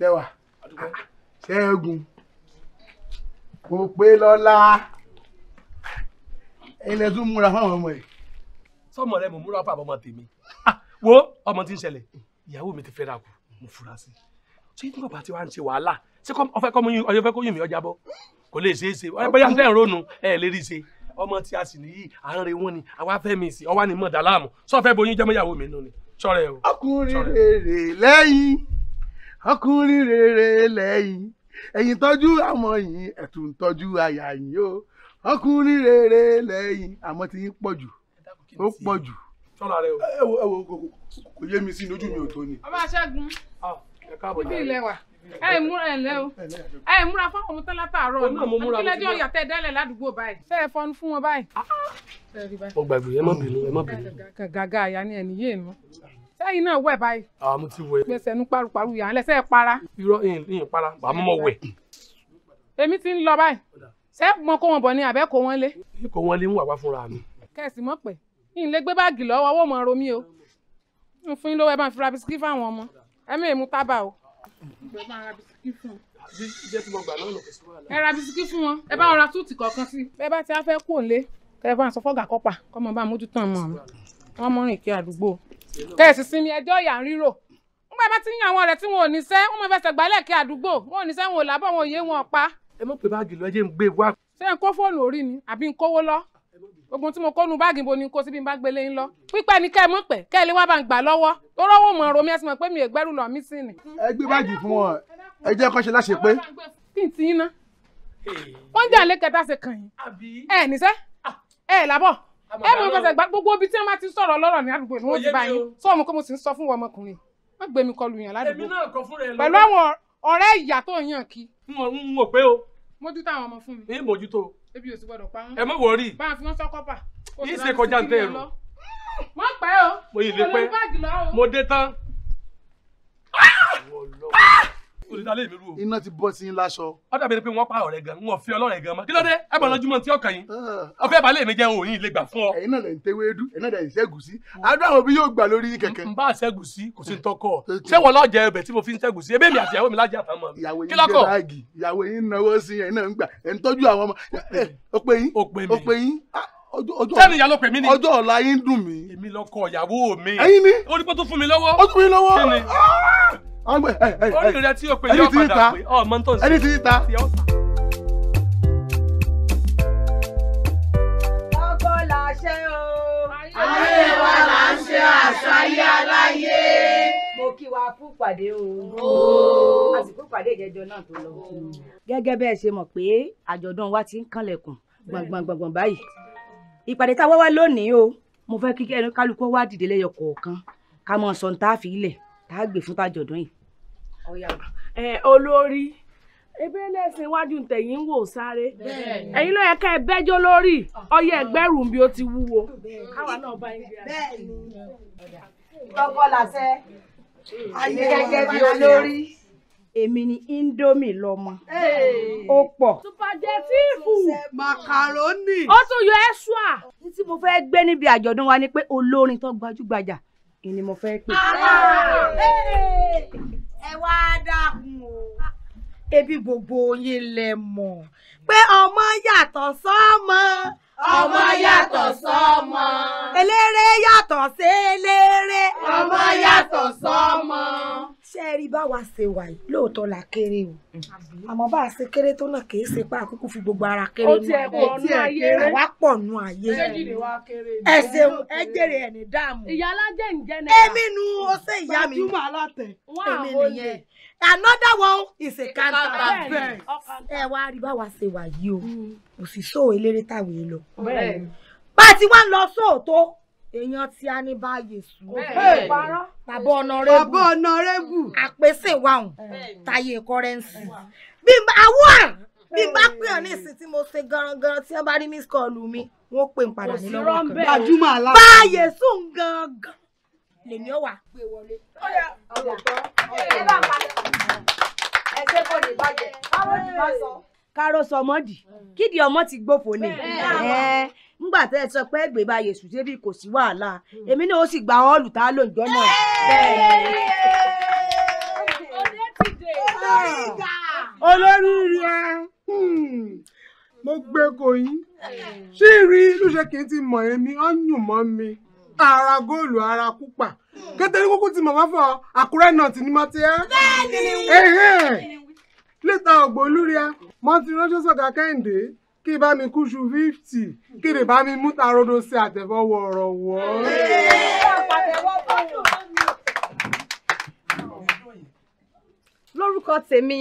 ṣẹ́wà ṣẹ́gun kò pé lọ́la ilẹ̀ tún múra fáwọn ọmọ ẹ̀. sọmọ rẹ mo múra fún àbọmọ tèmi wo ọmọ tí ń ṣẹlẹ̀ ìyàwó mi ti fẹ́ ra kù mo fura sí i ṣé nígbà bá ti wá ń ṣe wàhálà ṣé ọfẹ kọ́ ọyọ fẹ́ kó yùn mí ọjà bọ́ kò lè ṣeé ṣe bóyá ṣe ń ronú ẹ lè rí ṣe ọmọ tí a sì níyì à ń re wọn ni àwa fẹ́ mi sí ọwá ni mọ̀ dá láàmú sọ fẹ́ boyún jẹ́mọ́yàwó mi nù ni sọ̀rọ̀ ẹ̀ rèé lẹ́yìn ọkùnrin rere lẹ́yìn ẹ̀yin tọ́jú àmọ́ yìí ẹ̀tún tọ́jú àyà yìí o ọkùnrin rere lẹ́yìn àmọ́ ti yín pọ̀ jù ó pọ̀ jù. sọ́la rẹ o. ẹ wo ẹ wo kò yé mi sí i lójú mi ò tó ni. ọba aṣẹ́gun ibi ilẹ̀ wa ẹ ẹ múra ẹ lẹ o ẹ ẹ múra fún ọmọ tán látàárọ̀ ọ náà kílẹ̀ dé ọ̀yà tẹ dálẹ̀ ládùúgbò báyìí ṣé ẹ fọnú fún wọn báyìí. mo gbàgbé ẹ má bínú ẹ má bínú. gàgà àyà ni ẹ̀ níyé mi sẹ́yìn náà wẹ̀ báyìí. àwọn ah, mo ti wẹ̀. gbèsè nu paruparu yà á lẹ́sẹ̀ para. irọ́ ìyìn ìyìn para bàá mọ̀ wẹ̀. èmi ti ń lọ báyìí ṣé mo kó wọn bọ̀ ni àbẹ́ kó wọn lé. kó wọn lé ń wà wá fúnra mi. kẹ̀sì mọ̀ pé ìyìn lè gbé báàgì lọ́wọ́ owó mọ̀ romi o n fún yín lówó ẹ bá ń fi ra bisikí fáwọn ọmọ ẹ mi èmu tábà o. ẹ ra bisikí fún wọn ẹ bá wọn ra túùtì kọ̀ọ̀kan sí. bẹ́ẹ̀ bá ti á fẹ́ kó lé kẹ́ ẹ bá ń sọ fọ́gà kọ́pà kọ́mọ bá mójútó ọmọ mi wọ́n mọ́rìn kí àdúgbò kẹ́sì sinmi ẹjọ́ ìyà ń ríro nígbà bá ti ń yan àwọn ọ̀rẹ́ tí wọn ò ní sẹ́ wọn máa fẹsẹ̀ gbálẹ̀ kí àdúgbò wọn ò ní sẹ́ wọn ò lábọ̀ wọn ò yé wọn pa. ẹ mọ̀ pé báàgì lọ́jẹ́ ń gbé e wá. ṣé n kó fóònù orí ni àbí n kówó lọ ogun tí mo kó nu báàgì bo ni n kó síbi n bá gbélé ń lọ pípẹ́ ni kẹ́ ẹ mọ̀ pé kẹ́ ẹ lè wá bá ń gbà lọ́wọ́ tó rọ́wọ́ mọ̀ ọ̀rọ̀ mi ẹ sì mọ̀ pé mi ò gbẹ́rù lọ mí sí ni. ẹ gbé báàgì fún wọn ẹ jẹ́ kó ṣe láṣẹ pé. kí n ti yín ná oúnjẹ àlékẹ́ta ṣe kàn yín ẹ níṣẹ́ ah. ẹ làbọ̀ ẹ mọ̀ nǹkan tẹ̀gbá gbogbo ibi tí wọ́n bá ti sọ̀rọ̀ ọlọ́rọ̀ ní àdúgbò ni wọ́n ti bá yín sọ ọmọ kó mo sì ń sọ fún ọmọkùnrin wọ́n gbé mi kọlu yàn ládùúgbò pẹ̀lú àwọn ọ̀rẹ́ ìyá tó yàn kí. n mọ̀ pé o. mójútó àwọn ọmọ fún mi. ẹ mójútó. ebi ò sì gbọdọ̀ pa wọn. ẹ má wọrí. bá a fi wọn sọ́kọ́ pa. yìí ṣe kọjá ntẹ́ ẹ̀rọ. mo pẹ́ o. mo yìí mo dé tán. Ah! o ti da lé mi rú o. iná ti bọ́ sí i láṣọ. ó dàbí pé wọ́n pa ọ̀rẹ́ gan wọ́n fi ọlọ́rẹ̀ gan mọ́ kí ló dé ẹ bọ̀ lọ́júmọ́ tí ọkàn yín. Ah. ọkọ ìbálẹ̀ mi jẹ́ òyìn lè gbà fún ọ. ẹ̀yin náà lè ń tewé dú ẹ̀yin náà lè ń ṣẹ́gun sí. adúlá àwọn òbí yóò gbà lórí kẹ̀kẹ́. n bá ṣẹ́gun sí kò sí tọkọ ṣé wọ́n lọ́ọ̀jẹ̀ ẹbẹ̀ tí mo fi ń ṣẹ́gun sí ebí mi àti ìyàwó mi lájà àtàwọn ọmọ mi. ìyàwó yín jẹ báàgì dùn mí. èmi lọ́kọ ìyàwó mi. ẹ̀yin ni. ó tó fún mi lọ́wọ́. ó tún mi lọ́wọ́. kí ni. Ah! oríire tí o pè yọ padà pé ọmọ tó ń sè é ẹni tí ń ta. ọkọ làṣẹ o. ayé wa là ń ṣe àṣà ayé aláyé. mo kí wa kú pàdé o. àsìkò pàdé ìjẹjọ náà tó lọ. gẹ́gẹ́ bẹ́ẹ̀ ṣe mọ̀ pé àjọ̀dún wa ti ń kanlẹ̀kùn gbọ̀ngbọ̀ngbọ̀ngbọ̀n báyìí. ìpàdé tá a wá wá lónìí o mo fẹ́ kí kálukú wá dìde lẹ́yọ kọ̀ọ̀kan ká mọ̀ sọ̀ǹtà fi ilẹ̀ tá a gbè fún tàjọ̀dún yìí. olórí ebe lẹ́sìn iwájú tẹ̀yìn wò sáré ẹ̀yin ló yẹ ká ẹ bẹ́jọ́ lórí ọyẹ ẹgbẹ́rún bí ó ti wúwo káwa náà bá ń gbé àṣẹ. làṣẹ ayé olórí èmi ni indomie lọmọ ó pọ̀. supajẹtífù Makaroni! ó tún yọ ẹ́ṣùà. ní tí mo fẹ́ gbé níbi àjọ̀dún wa ni pé olórin tó gbajúgbajà ni mo fẹ́ pè. Ah! ẹ wá dákun o ebi gbogbo yín lẹ mọ̀ pé ọmọ yàtọ̀ sọ́mọ. So ọmọ yàtọ̀ sọ́mọ. eléré yàtọ̀ sí eléré. ọmọ yàtọ̀ sọ́mọ ṣé ẹ rí báwa ṣe wà yìí lóòótọ́ la kéré o àmọ́ bá a ṣe kéré tó náà kì í ṣe pa àkókò fi gbogbo ara kéré nù ayé àwa pọ̀ nù ayé ẹ ṣeun ẹ jèrè ẹ̀ ní dáàmú. ìyálàjẹ ǹjẹ́ náà èmi nu ọṣẹ ìyá mi èmi nìyẹn another one is a counterfeit ẹ wá rí báwa ṣe wà yìí o mm. òṣìṣọ́ eléré táwé lọ bá a ti wá ń lọ sóòótọ́ èèyàn tí a ní báyìí sùn. bàbá ọ̀nàrẹ́bù bàbá ọ̀nàrẹ́bù àpèsè wa hùn táyé kọ́rẹ́ǹsì. bí n bá wà bí n ní ìsìn tí mo ṣe gangan tí wọ́n bá rí miss call mi wọ́n pè ń padà ní lọ́wọ́ kan. gbajúmọ̀ aláwọ̀ báyìí sùn gangan lèmi ọ̀ wà pé wọlé. ọ̀rọ̀ ọ̀rọ̀ ọ̀rọ̀ ẹ̀ ṣe kò ní bàjẹ́ báwo ni wọ́n sọ káró sọmọdì mm. kídìí ọmọ ti gbófo ni ngbà tẹ ẹ sọ pé ẹgbẹ bá yèsù débi kò sí wàhálà mm. èmi náà ó sì gba ọọlù tá a lò ńjọ náà. Ah. olórí rí ẹ hmm, mo gbé kò yín sí rí lóṣè kí n ti mọ èmi ọ yùn mọ mi ara góòlù ara kúpà kété ní kúkú ti mọ̀ wá fọ àkúrẹ́ náà ti ní mọ́ ti ẹ́ lẹ́tà ògbólúria mo ti ránṣẹ́ sọ̀gá kẹ́hìndé kí bá mi kúṣu fífítì kí lè bá mi mú tarodo sí àtẹ̀fọ́wọ́ ọ̀rọ̀ wọ́. lórúkọ tèmi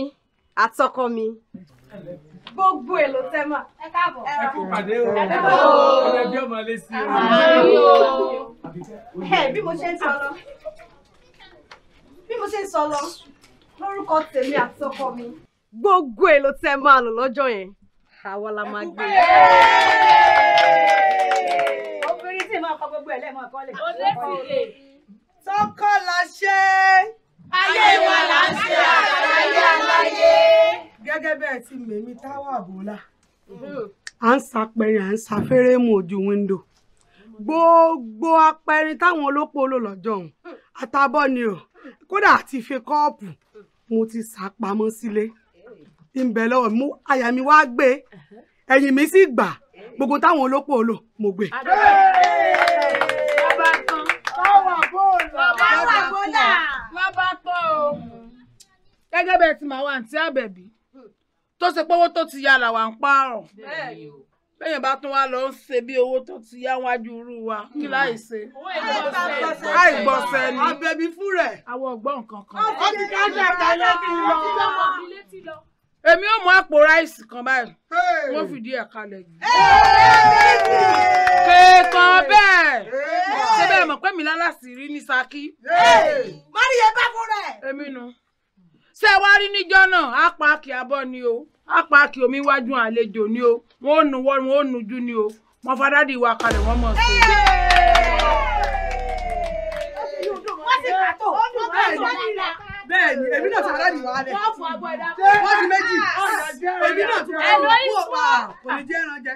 àtọkọ mi gbogbo èlò tẹ́mà ẹ káàbọ̀ ẹ kú pàdé o ọ̀rẹ́ bí ọmọ lé sí o. bí mo ṣe ń sọ lọ bí mo ṣe ń sọ lọ lórúkọ tèmi àtọkọ mi gbogbo èlò tẹ máa lò lọ́jọ́ yẹn àwa la máa gbé. obìnrin tí máa kọ gbogbo ẹ̀ lẹ́ẹ̀mọ́ kọ́lẹ̀. tọkọ la ṣe. ayé wa la ń ṣe àlàyé aláyé. gẹ́gẹ́ bẹ́ẹ̀ ti mèmí táwọn àbòlá. à ń sapẹ̀rẹ̀ à ń sa fẹ́rẹ́mù ojú wíńdò gbogbo apẹ̀rin táwọn olóko lò lọ́jọ́ ọ̀hún ni o kódà àti fi kọ́ọ̀pù mo ti sá sílé. Si ń bẹ lọ́wọ́ mú àyà mi wá gbé uh-huh. ẹ̀yìn mi sì gbà gbogbo táwọn olóko olò mo gbé. bàbá kan bàbá bọ́ọ̀lù bàbá bọ́ọ̀lù bàbá tó o. gẹ́gẹ́ bẹ́ẹ̀ ti màá wà àǹtí àbẹ̀bí tó ṣe pé owó tó ti ya làwà ń pààrọ̀ bẹ́ẹ̀ bá tún wá lọ ń ṣe bí owó tó ti yá wájú irú wa kí láì ṣe. àìgbọ̀nsẹ̀ ni àbẹ̀bí fún rẹ̀. àwọn ọ̀gbọ́n kankan. ó ti dájú àkàlẹ́ kí n lọ èmi ò mú àpò ráìsì kan báyìí wọ́n fìdí ẹ̀ kalẹ̀ yìí. kéèkàn bẹ́ẹ̀ ṣé bẹ́ẹ̀ mọ̀ pé mi lálàsì rí ní Ṣakí. mọ́ríyẹ bá fún rẹ̀. èmi nu ṣé wá rí níjọ́ náà á pa abọ́ ni o á pa àkì omi iwájú àlejò ni o wọn ò nu wọ́n wọn ò nu jú ni o wọn fadá di ìwà kalẹ̀ wọ́n mọ̀ sí i. wọ́n ti kàtó wọ́n ti kàtó bẹ́ẹ̀ ni èmi náà ti aládìí wà lẹ̀ wọ́n ti méjì ah, èmi náà ti wà lẹ̀ kó pa ah, kò ní jẹ́ ẹran jẹ.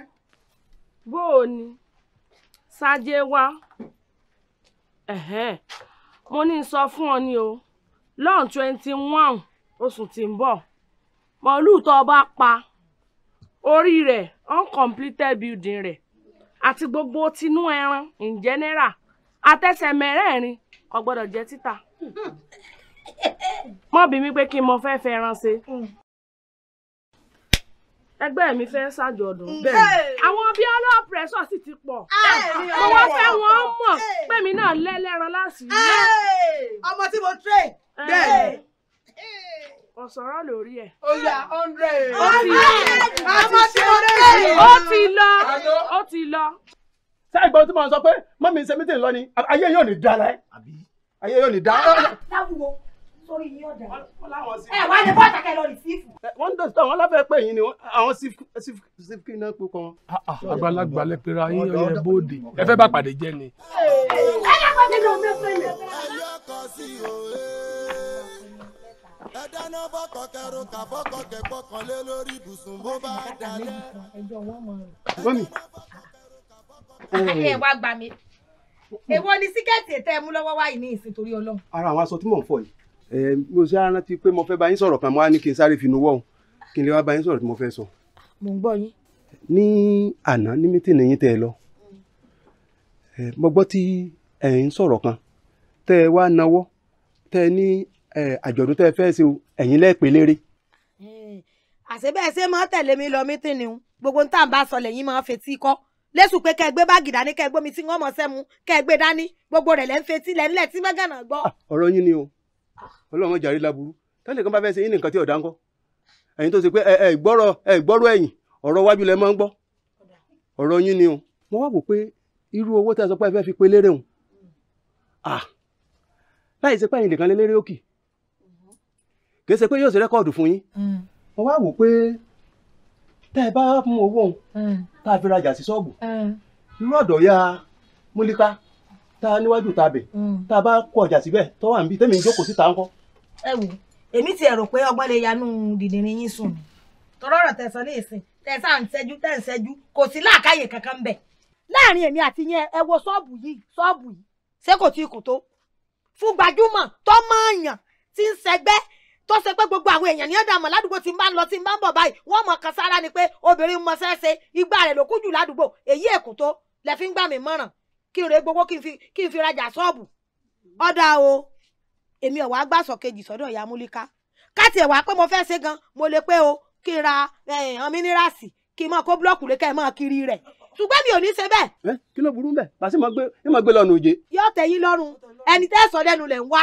bó o ní sájé wá mo ní sọ fún ọ ni o lọ́n twenty one oṣù tí ń bọ̀ mọ̀lú bá pa orí rẹ̀ uncompleted building rẹ̀ àti gbogbo tinú ẹran in general àtẹsẹ̀ mẹ́rẹ̀ẹ̀rin kò gbọ́dọ̀ jẹ́ títà. Hmm. Má bí mi pé kí n mọ fẹ́ fẹ́ ẹran mm. Ẹgbẹ́ mi fẹ́ ṣàjọ̀dún. Mm. Àwọn bí ọlọ́ọ̀ pẹ̀sọ̀ sì ti pọ̀. Ah, mo wá fẹ́ wọn mọ̀ pé mi náà lẹ́lẹ́ran láṣìírí. Ọmọ tí mo tré. Bẹ́ẹ̀ni ọ̀sọ̀rọ̀ lórí ẹ̀. ó yà hundred. ó ti ọmọ tí mo dé. ó ti lọ ó ti lọ. ṣé ìgbà tí mo sọ pé mọ́mí ṣe mítìn lọ ni ayé yóò ní dá láyé ayé yóò ní dá. láwùjọ sórí ní ọ̀dà. ẹ wá lè bọ́ta kẹ lọ rí sífù. Eh, wọ́n ń dọ̀ sí àwọn aláfẹ́ pé yín ni àwọn sífù kí náà pokàn. Ah, ah, àgbàlagbà lè pera yín ọyẹ bóde ẹ fẹ́ bá pàdé jẹ́ ni. ẹ yà pàdé lọ mẹ́fẹ́ lẹ̀. ẹ dáná bọ́kọ̀ kẹrù ká bọ́kọ̀ kẹ́kọ̀ọ́ kan lé lórí ibùsùn bó bá dalẹ̀. mọ́mí. ẹ wá gbà mí èwo ni síkẹ́ẹ̀tì ètẹ́ mú lọ́wọ́ wáyé ní ìsìn torí ọlọ́run. ara àwọn aṣọ tí mò ń fọ yìí mo ṣe rántí pé mo fẹ́ bá yín sọ̀rọ̀ kan mo wá ní kí n sáré fi nuwọ́ òun kí n lè wá bá yín sọ̀rọ̀ tí mo fẹ́ sọ. mo ń gbọ́ yín. ní àná ní mítìnì yín tẹ́ ẹ lọ mo gbọ́ tí ẹ̀ ń sọ̀rọ̀ kan tẹ́ ẹ wá náwó tẹ́ ẹ ní àjọ̀dún tẹ́ ẹ fẹ́ ṣe ẹ̀yìn lẹ́ẹ̀pẹ́ lérè. àṣé bẹ́ẹ̀ ṣe máa tẹ̀lé mi lọ mítìnì o gbogbo ní tá à ń bá sọ lẹ́yìn máa fetí kọ́ lẹ́sùn pé kẹ́gbẹ́ báàgì dání kẹ́gbẹ́ mi tí wọ́n mọ̀ sẹ́mu kẹ́gbẹ́ dání gbogbo rẹ̀ lẹ́ ń fetí lẹ́ ń lẹ̀ tí mẹ́gànnà gbọ́. Ah, ọ̀rọ̀ yín ni o ọlọ́run ọjà rí laburu tẹ́lẹ̀ kan bá fẹ́ ṣe yín nìkan tí ọ̀dà ń kọ́ ẹ̀yin tó ṣe ẹ gbọ́rọ̀ ẹ gbọ́rọ̀ ẹ̀yìn ọ̀rọ̀ wájú lẹ máa ń gbọ́ ọ̀rọ̀ yín ni o mo wá wò pé irú owó tẹ́ sọ pé fẹ́ fi pe lérè òun ẹ̀yin nìkan lé lérè òkì yóò ṣe rẹ́kọ̀dù fún yín hmm. mo wá wò pé tẹ́ ẹ owó òun hmm. tá a fi rajà sí hmm. ya múlíkà. ta níwájú ta mm. tá a bá kó ọjà síbẹ̀ tó wà níbi tẹ́mi ìjókòó síta ńkọ́. ẹ wò èmi ti rò pé ọgbọ́n lè yanú dìndínrín yín sùn ni tọ́rọ̀rọ̀ tẹ̀sán ní ìsìn tẹ̀sán ń ṣẹ́jú tẹ̀ ń ṣẹ́jú kò sí láàkáyè kankan ń bẹ̀. láàrin èmi àti yẹn ẹ wo ṣọ́ọ̀bù yìí ṣọ́ọ̀bù yìí ṣé kò tí kò tó fún gbajúmọ̀ tó mọ̀ọ́yàn tí ń ṣẹgbẹ́ tó ṣe pé gbogbo àwọn èèyàn ní ọ̀dà àmọ́ ládùúgbò tí ń bá ń lọ tí ń bá ń bọ̀ báyìí wọ́n mọ̀ kan sára ni pé obìnrin mọ̀ ṣẹ́ṣe igbá rẹ̀ ló ládùúgbò èyí èkó tó lẹ gbà mí mọ̀ràn kí lóore gbowó kí n fi kí n fi rajà ṣọ́ọ̀bù ọ̀dà o èmi ọ̀wá gbàsọ̀ kejì sọ́dọ̀ ìyá múlíká káàtì ẹ̀wà pé mo fẹ́ ṣe gan mo lè pé o kí n ra ẹ̀hàn eh, mínírààsì kí n máa kó búlọ́ọ̀kù lé kẹ́ ẹ̀ máa kiri rẹ̀ ṣùgbọ́n mi ò ní ṣe bẹ́ẹ̀. ẹ eh, kí ló burú bẹ́ẹ̀ pàṣẹ máa gbé ẹ máa gbé lọ́nà òjé. yóò tẹ́ yín lọ́rùn ẹni tẹ́ sọ lẹ́nu lẹ̀ ń wá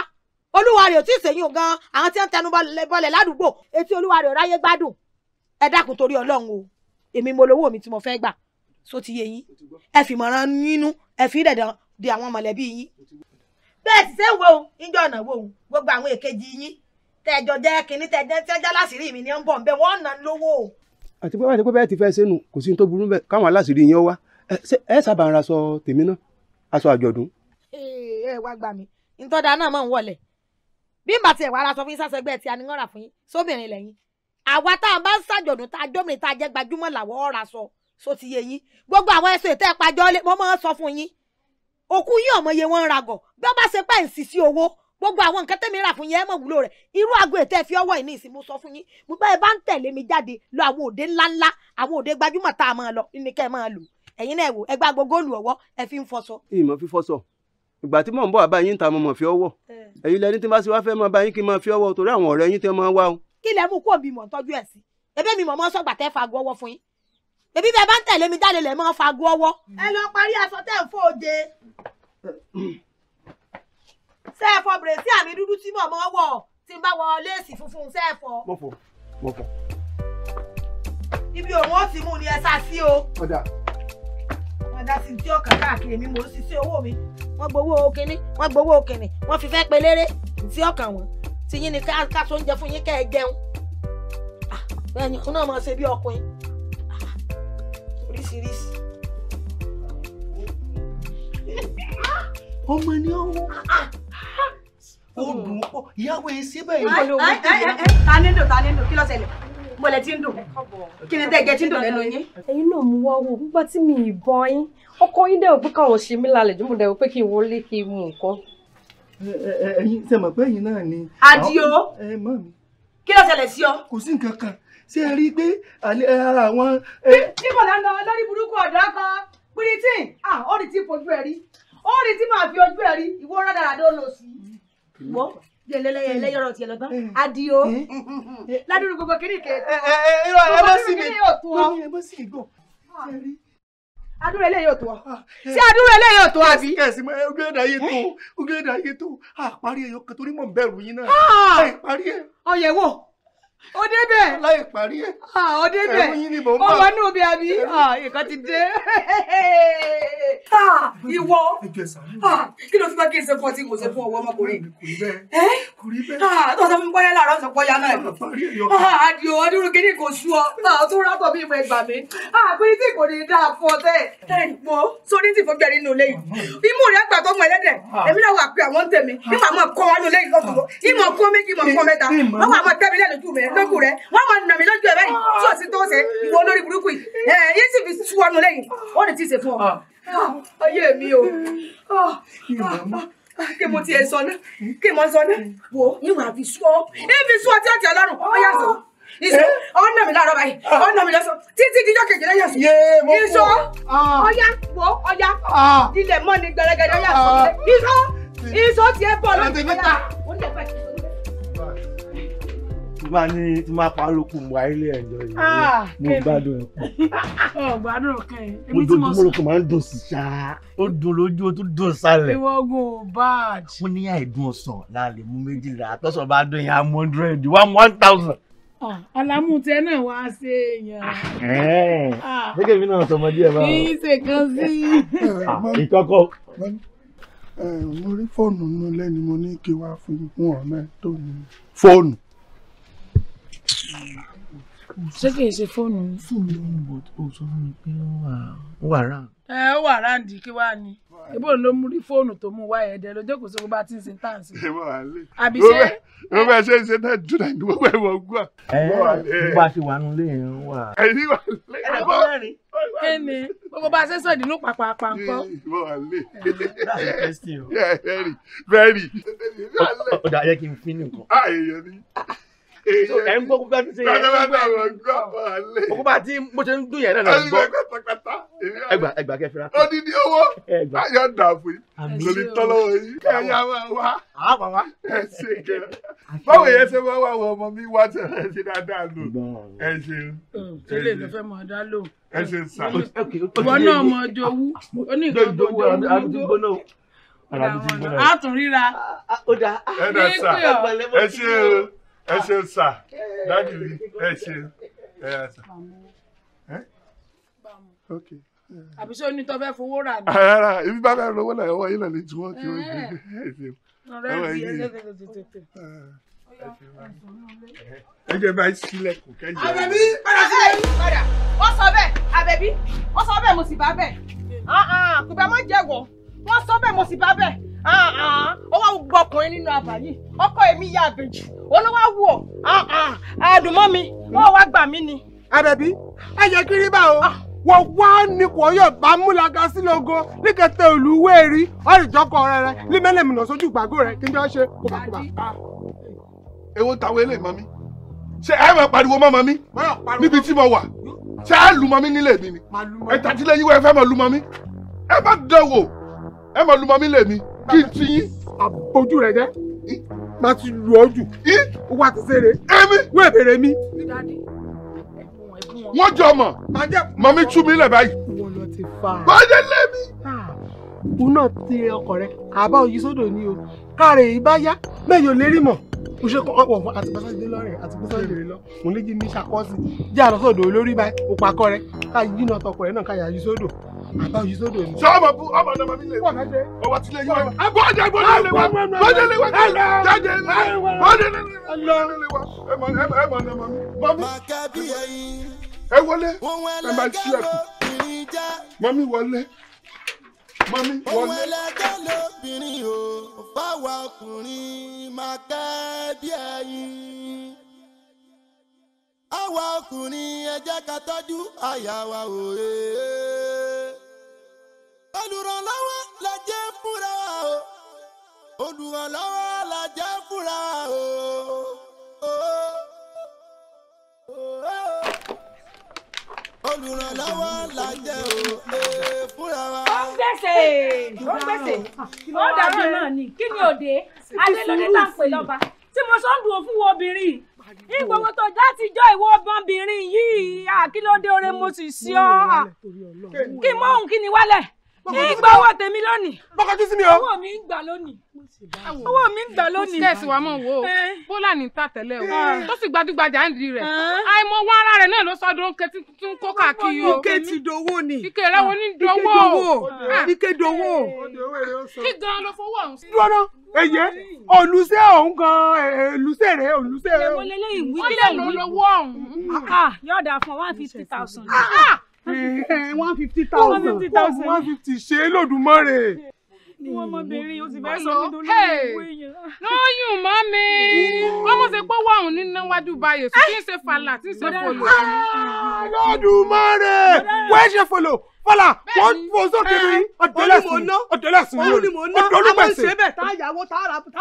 olúwa rẹ̀ ò tí ì sèyún gan àwọn tí ń tẹnu bọlẹ̀ ládùúgbò etí olúwa rẹ̀ ò ráyé gbádùn ẹ dákun torí ọlọ́run o èmi mo lówó mi tí mo fẹ́ gbà só yín ẹ fìmọ̀ràn nínú ẹ fi dẹ̀dẹ̀ di àwọn mọ̀lẹ́bí yín bẹ́ẹ̀ sì ṣe wo ìjọ ọ̀nà wo gbogbo àwọn èkejì yín tẹ̀jọ jẹ́ kínní tẹ̀jẹ́ tẹ́jẹ́ láṣìírí mi ni ó ń bọ̀ ń bẹ wọ́n nà lówó. àti pé báyìí pé bẹ́ẹ̀ ti fẹ́ sẹ́nu kò sí ní tó burú bẹ́ẹ̀ káwọn aláṣìírí yín wá ẹ sábà ń raṣọ tèmi náà aṣọ àjọ̀dún. ẹ wá gbà mí ntọ́da náà mọ̀ ń wọlé bí n bá tiẹ̀ wá aṣọ fún yín sásẹgbẹ́ tí a ní ń rà fún yín sóbìnrin lẹ́yìn àwa tá a bá ń ṣàjọ̀dún tá a jọ́mìnrin jẹ́ gbajúmọ̀ làwọ̀ ọ̀rà sọ so ti yé yín gbogbo àwọn ẹsùn ètò ẹ̀pàjọ́ lé mo máa ń sọ fún yín òkú yín ọmọ iye wọn ń ragọ̀ bí wọ́n bá ṣe pẹ́ ń sì sí owó gbogbo àwọn nǹkan tẹ́mi rà fún yín ẹ mọ̀ wúlò rẹ̀ irú aago ètò ẹ̀fí ọwọ́ ìní ìsìn mo sọ fún yín mo bá ẹ bá ń tẹ̀lé mi jáde lọ àwọn òde ńláńlá àwọn òde gbajúmọ̀ tá a máa lọ ní kẹ́ ẹ máa lò ẹ̀yin náà wò ẹ gba gbogbo olù ọwọ́ ẹ fi ń fọṣọ. ìmọ̀ fi fọṣọ ìgbà tí mò ń bọ̀ àbá yín ta mo mọ̀ fi ọwọ́ eh. ẹ̀yin lẹni tí bá sì wá fẹ́ máa bá yín kí n máa fi ọwọ́ torí àwọn ọ̀rẹ́ yín tẹ́ máa wá o. kí lẹ mú kó mi mọ̀ tọ́jú sí ebí mi mọ̀ mọ́ sọ̀gbà tẹ́ fagbọ́wọ́ fún yín ebi bẹ́ẹ̀ bá ń tẹ̀lé mi jáde lẹ̀ mọ́ fagu ọwọ́. ẹ lọ parí aṣọ tẹ́ ń fọ òde. ṣé ẹ fọ bèrèsí àmì dúdú tí mò ń mọ́ wọ̀ tí n bá wọ léèsì funfun ṣé ẹ fọ. mo fọ mo fọ. ibi òun ó ti mú ni ẹ sá sí o. ọ̀dà. ọ̀dà ti di ọkàn káàkiri mi mò ń ṣiṣẹ́ owó mi. wọ́n gbowó kínní wọ́n gbowó kínní wọ́n fi fẹ́ pelére ti ọkàn wọn ti yín ni ká sóúnjẹ fún yín kẹ́ ẹ jẹun. Ah, bẹ́ẹ̀ ni òun náà máa ṣe bí ọkùnrin oríṣiríṣi. ọmọ ni ó wọ ó dùn pọ ìyàwó yìí síbẹ̀ yìí. ta ni dùn ta ni dùn kí ló ṣẹlẹ̀ mo lẹ ti ń dùn kí ni tẹ́ jẹ ti ń dùn lẹ́nu yín. ẹ̀yin náà mú wá wò gbígbá tí mi ì bọ yín ọkọ yín dẹ̀ pé káwọn ṣe mí lálẹ́ jù mo dẹ̀ pé kí n wọlé kí n mú nǹkan. ẹ̀yin ṣe mọ̀ pé ẹ̀yin náà ni. adio kí ló ṣẹlẹ̀ sí ọ. kò sí nǹkan kan ṣé ẹ rí i pé àwọn. bí bọ̀dá ń lọ lórí burúkú ọ̀dọ́ kan pírítín ó rí tí fojú ẹ rí ó rí tí màá fi ojú ẹ rí ìwọ rádaràdó lò sí. wọ́n yẹlẹlẹyẹ lẹyọrọ tiẹ lọgbọn eh. adio eh. [LAUGHS] ládùúgbò gbogbo kiri eh, kẹtẹ. ẹ ẹ ah. ẹ ẹ bá sì mi ẹ bá sì gbọ adúrà eléyìí ò tó ọ ṣé adúrà eléyìí ò tó àbí. kẹsì mọ ogéèdà yìí tó ogéèdà yìí tó àparí ah, ẹyọ kan torí mò ń bẹ̀rù yín náà ah. ọyẹ wo ó débẹ̀. láì parí ẹ. ó débẹ̀ ẹ̀rù yín ni mò ń bá. ọmọ inú mi àbí nǹkan ti dé. ìwọ kí ló fi máa kí n ṣe fún ọ tí kò ṣe fún ọwọ́ ọmọkùnrin. kò rí bẹ́ẹ̀. tó sọ fún bọ́yá láàárọ̀ sọ bọ́yá náà. àdìo ọdúnrún kìíní kò sú ọ tó rábọ̀ bí ìmọ̀ ẹgbàá mi. àpèrí tí kò ní dáa fún ọ tẹ́ ẹ̀ mọ́ sórí tí fún bẹ̀rẹ̀ nínú ilé yìí. imú rẹ̀ gbà tó mọ ẹlẹ́dẹ̀ èmi náà wà pé àwọn ń tẹ̀mí nígbà máa kọ́ wọn nínú ilé lójú rẹ wọn máa nà mí lójú ẹ báyìí tí o sì tó ṣe ìwọ olórí burúkú yìí ah. ẹ yìí sì fi tú ọnu lẹ́yìn ó lè ti ṣe fún ọ. Ah. Ah, ayé mi o kí mo tiẹ̀ sọ náà kí mo sọ náà wò ìwà fi sú ọ ìfi sú ọ tí ó ti ọlọ́run ó yà sọ ìṣó ọ̀nà eh? mi láàárọ̀ báyìí ọ̀nà mi lọ́sọ̀ títí díjọ́ kejì lẹ́yìn àṣù ìṣó ọ̀yà wò ọ̀yà ilẹ̀ mọ́ni gbẹrẹgẹrẹ yà sọ ìṣó eh. ìṣó tiẹ̀ bọ̀ lọ́jọ́ ìṣó tí máa ní tí máa pa lókun mo àìlè ẹ̀jọ̀ yìí ah, mo gbádùn ẹ̀kọ́. [LAUGHS] ọ gbádùn ọkẹ èmi tí mo sọ. mo lókun máa ń dùn sí ṣáá ó dùn lójú ó tún dùn sálẹ̀. ìwọ ogun ò bad. fún ní àìdùn ọ̀sán láàlè mú méjìlá àtọ́sọ̀ bá dùn yẹn one hundred one one thousand. Ah, Àlámùtẹ náà wá ṣe èèyàn. Gẹ́gẹ́ ah, bí náà sọmọdé ẹ̀ báwo. Kì í ṣe kan sí. Ìkọ́kọ́ eh, mo rí fóònù nínú ilé mo ní kí wá fún ọ̀rọ̀ tó ní fóònù ṣé kìí ṣe fóònù mi. fóònù mi ń bọ̀ ó sọ fún mi pé ó wà ó wà ráǹdì. ẹ ó wà ráǹdì kí wàá ni ebo ló mú rí fóònù tó mú wá ẹ̀ẹ́dẹ́ lọ́jọ́ kò sí gbogbo àti ṣe tá à ń ṣe. ẹ bá wà lé àbí ṣe. mo bá ṣe ṣe náà dùn náà ìdúró pẹ̀lú ọgbà. ẹ ẹ bá ṣe wà nù lé yẹn wà. ẹyin wà lé. ẹ bá wà lé. kí ni gbogbo bá ṣe sọ̀dí ní pàpà pàǹkọ́. ẹ bá wà lé. bẹ́ẹ̀ni bẹ́ẹ̀ni. ọ̀dà yẹ kí n fi ní nǹkan. [LAUGHS] ẹ ń gbọ́ kúkúbá ti ṣe yẹn. kúkúbá tí mo ṣe ń dún yẹn náà lọ gbọ́. ẹgbà ẹgbà kẹ fira. odidi owó ayọ̀ dàbò yìí lórí tọ́lọ́wọ́ yìí kẹ́yà máa wá. àbá wa. ẹ ṣe kẹrẹ báwo yẹn ṣe máa wá àwọn ọmọ mi wá tẹ ẹ ṣe dáadáa lò ẹ ṣeun. tẹ́lẹ̀ ló fẹ́ mọ̀ ọ́ lò. ẹ ṣe sà. ìwọ náà mọ jowú ó ní ìkan tó jowú a tún ríra. ó dáa. ẹ dà sá ẹ ṣe ẹ ṣe sà ah. dájú rí ẹ ṣe ẹ yà sà. àbí ṣé oní tó fẹ́ fowó rà ní. ara ah, ibi bá bẹ́ẹ̀ lówó náà ọwọ́ yìí náà lè ju wọ́n kí wọ́n ṣe é ṣe. ọ̀rẹ́ mi ẹ ṣe ah. eh, tètè. ẹ jẹ́ bá sílẹ̀kùn kẹ́yìn. àbẹ̀bí padà sílẹ̀ padà wọ́n sọ bẹ́ẹ̀ àbẹ̀bí wọ́n sọ bẹ́ẹ̀ mo sì bá bẹ́ẹ̀ kò bẹ́ẹ̀ má jẹ́wọ́ wọ́n sọ bẹ́ẹ̀ mo sì bá bẹ́ẹ̀ ó wá gbọ́ ọkùnrin nínú abà yìí ọkọ èmi ya àbèjì olówó wù ọ àdùnmọ́ mi ó wá gbà mí ni. àbẹ̀bí ẹ yẹ kiri bá o ah. wọ́n wá nípò ọyọ́ bámúlaga sí lógo níkẹtẹ olúwé rí ọ̀rìjọ́kọ rẹ rẹ límẹ́lẹ̀mìnà sójú ìgbàgbọ́ rẹ kí n jọ ṣe kóbákóbá. Ah. èwo táwọn eléyìí mọ mi ṣe ẹ máa pariwo mọ́ mọ́ mi níbi tí mo wà ṣe ẹ lù mọ́ mi nílé mi ni ẹ tàtí lẹ́yìn wọ́n ẹ fẹ́ máa lù mọ́ mi ẹ má dán wò ẹ máa lu mọ́mí lèmi kí n ti yín. àbójú rẹ jẹ máa ti lu ọ jù wà á ti ṣeré èmi wọ́n èbèrè mi. wọ́n jọ mọ̀ mọ́mí tú mi lẹ̀ báyìí. wọ́n lọ ti fa. báyìí lẹ́mi. òun náà ti ọkọ rẹ àbá òyìn sódò ni o káàrẹ̀ yìí bá yá bẹ́ẹ̀ yóò lérí mọ̀ mo ṣe kọ́ ọ̀pọ̀ àti pẹ́sẹ́dé lọ́rẹ̀ àti pẹ́sẹ́dé lọ mo lè jí ní ṣàkọ́sí jẹ́ àlọ́sọ̀dọ̀ olórí báyìí òpàkọ́ rẹ káyí náà tọkọ rẹ náà káyà yí sódò mami àwa ọkùnrin ẹ jẹ́ ká tọ́jú àyà òye olùrànlọ́wọ́ la jẹ́ fúnra wa o olùrànlọ́wọ́ la jẹ́ fúnra wa o. olùrànlọ́wọ́ la jẹ́ o e, fúnra wa. ó gbèsè ó gbèsè ah, ah, ó dàbí ni kí ni òde adé ah, ló ní láǹpẹ lọ́ba tí mo sọ ń dùn fún obìnrin ní gbogbo tó látijọ́ ìwọ ọmọbìnrin yìí àkílódé oore mo sì sí ọ kí mọ́hún kí ni wálẹ̀ ìgbà owó tèmi lónìí. bọ́kọ tún sí mi o. owó mi ń gbà lónìí. owó mi ń gbà lónìí. kẹ́sì wa mọ̀ wo bólà ní ta tẹ́lẹ̀ o tó sì gbajúgbajà ń di rẹ̀ àìmọ̀ owó ara rẹ̀ náà ló sọ dúró kẹ́tí tún kó káàkiri o. ike ti dowó ni. ike rẹ wo ah. ni dowó. ike dowó. Ah. kí gan ló fowó ọ̀hún sí. dúró ẹyẹ olùsẹ ọ̀hún gan olùsẹ rẹ olùsẹ rẹ. ìwọlé lẹ́yìn lè lọ lọ́wọ́ ọ̀hún. yọ̀ọ̀dà ah, fún one fifty thousand one fifty thousand one fifty ṣe é lòdùmarè ni wọn ọmọbìnrin o sì fẹ́ sọ nítorí ìwé yẹn. [LAUGHS] lóyún mọ́ mi ọmọ ṣe pọ́ wọ̀hún nínú wájú báyìí sùn kí n ṣe fàlà tí n ṣe fòlò. Olódùmarè wẹ́ẹ́ ṣe fòlò fọlá wọn fò sókè ní ọdẹlẹsùn ọdẹlẹsùn lórí eh, ọdọlùpẹsẹ. àwọn ìṣẹ́bẹ̀ tá a yàwó tá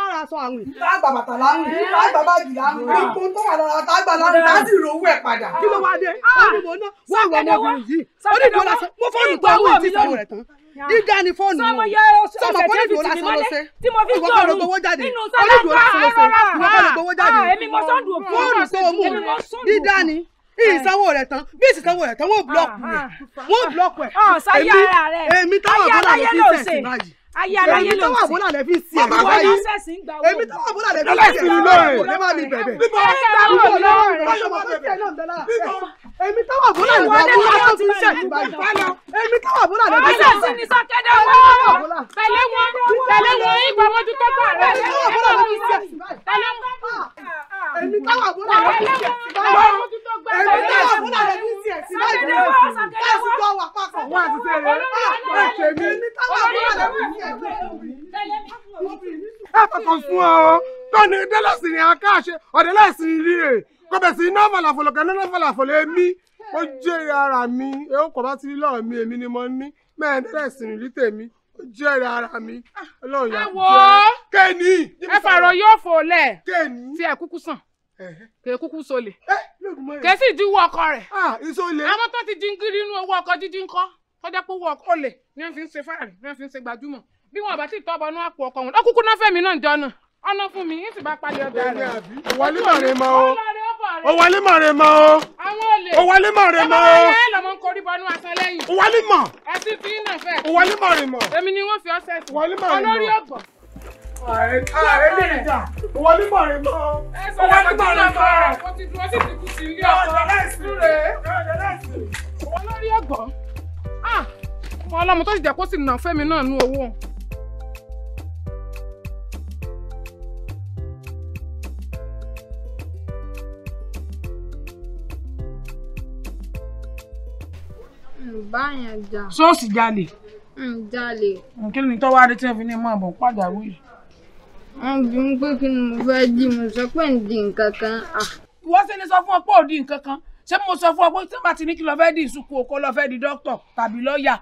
a ra sọ àwìn. tá a gbà bàtà láwìn eh. tá a gbà báàgì láwìn ah. ipò tó wà lára tá a gbà láwìn tá a sì rówó ẹ̀ padà. kí ló wá dé ah! olùmọ̀ọ́ná wọ́n ìwà ọmọbìnrin yìí ó ní ìdọ́lá sọ mo fọ́ọ̀nù tó àwọn ìtìsàwọ̀ rẹ̀ tán dídá ni fóònù wọn sọmọ kọ́ nídìí olè sọ lọ́sẹ̀ ìwọ kọ́ lọ gbowó jáde olùdó olè sọ lọ́sẹ̀ ìwọ kọ́ lọ gbowó jáde fóònù tó o mú dídá ni ìsanwó rẹ̀ tán bí ìsanwó rẹ̀ tán wọ́n búlọ́ọ̀kù rẹ̀ wọ́n búlọ́ọ̀kù rẹ̀ èmi táwọn bọ́lá mi fi tẹ̀sí báyìí ayé aláyé ló ń sè èmi tó wà bọ́là lẹ́bí sí ẹ̀ bàbá yìí èmi tó wà bọ́là lẹ́bí sí ẹ̀ bàbá yìí lè má mi bẹ̀bẹ̀ èmi tó wà bọ́là lẹ́bí sí ẹ̀ bàbá yìí èmi tó wà bọ́là lẹ́bí sí ẹ̀ bàbá yìí ìsọ̀kẹ́dẹ̀ wọ́ tẹ̀lé wọn tẹ̀lé wọn ìgbà wọn dúpẹ́ pà rẹ̀ tẹ̀lé wọn tẹ̀lé wọn. èmi táwọn àbúrò rẹ̀ ní ìṣẹ̀ sí báyìí èmi táwọn àbúrò rẹ̀ ní ìṣẹ̀ sí báyìí káàsì jọ wà papọ̀ wọn ah, àti ah, ah, tẹ̀lé ẹ̀kẹ́ mi èmi táwọn àbúrò rẹ̀ ní ìṣẹ̀ sí báyìí. ẹ kọ̀kan fún ọ tọ́ni dẹ́lẹ̀sì ni akáṣe ọ̀dẹ́lẹ̀sì rírè kọ́bẹ̀sì iná fàlàfọ̀lọ̀ kẹ́ iná fàlàfọ̀lọ̀ èmi ó ara mi ẹ̀ ó kọ̀ bá ti rí mi èmi ni mo ní mẹ́rin tẹ́lẹ̀sìn ní tèmi ó jẹ́rìí ara mi ọlọ́run yà jẹ́ kéènì. ẹ fàrọ̀ yóò fò lẹ̀ tí ẹ kúkú sàn kèé kúkú sọlẹ̀ kèé sì dín owó ọkọ rẹ̀ àwọn tó ti dín gírí inú owó ọkọ dídín kọ́ tọ́jà pé owó ọkọ lè ní wọ́n fi ń ṣe fáàrí ní wọ́n fi ń ṣe gbajúmọ̀ bí wọn bá ti tọ́ bọnú àpò ọkọ wọn ọkùnkùn náà fẹ́mi náà jọ náà ọ̀nà fún mi ń sì bá palẹ̀ ọjà rẹ̀. ìwọlé ọ̀rẹ́ máa ń ó wálé mọ̀ rẹ̀ mọ́ o ó wálé mọ̀ rẹ̀ mọ́ o ó wálé mọ̀ ó wálé mọ̀ rẹ̀ mọ́ èmi ni wọ́n fi ọ̀sẹ̀ sí olórí ọ̀gbọ̀n. Ààrẹ lè jà, wọlé mọ̀ rẹ̀ mọ́, wọlé mọ̀ rẹ̀ mọ́. Ó ti dúró sí ìdìbò sí ilé ọkọ̀ láìsí rẹ̀. Olórí ọ̀gbọ̀n, ah! ọmọ ọlọ́mọ tó ti jẹ́ kó sì nà fẹ́mi náà nú owó. báyẹn jà. sóòsì jalè. ń jalè. kí ni tọ́wọ́ adé tí wọ́n fi ní mọ́ àbọ̀ pàjáwìrì. wọ́n bí mi pé kí ni mo fẹ́ dì mo sọ pé ń di nǹkan kan. ìwọ ṣe ni sọ fún ọ pé ò di nǹkan kan ṣé mo sọ fún ọ pé tí màá ti ní kí lọ fẹ́ di ìsúnkú okó lọ fẹ́ di dókítà tàbí lọ́ọ̀yà.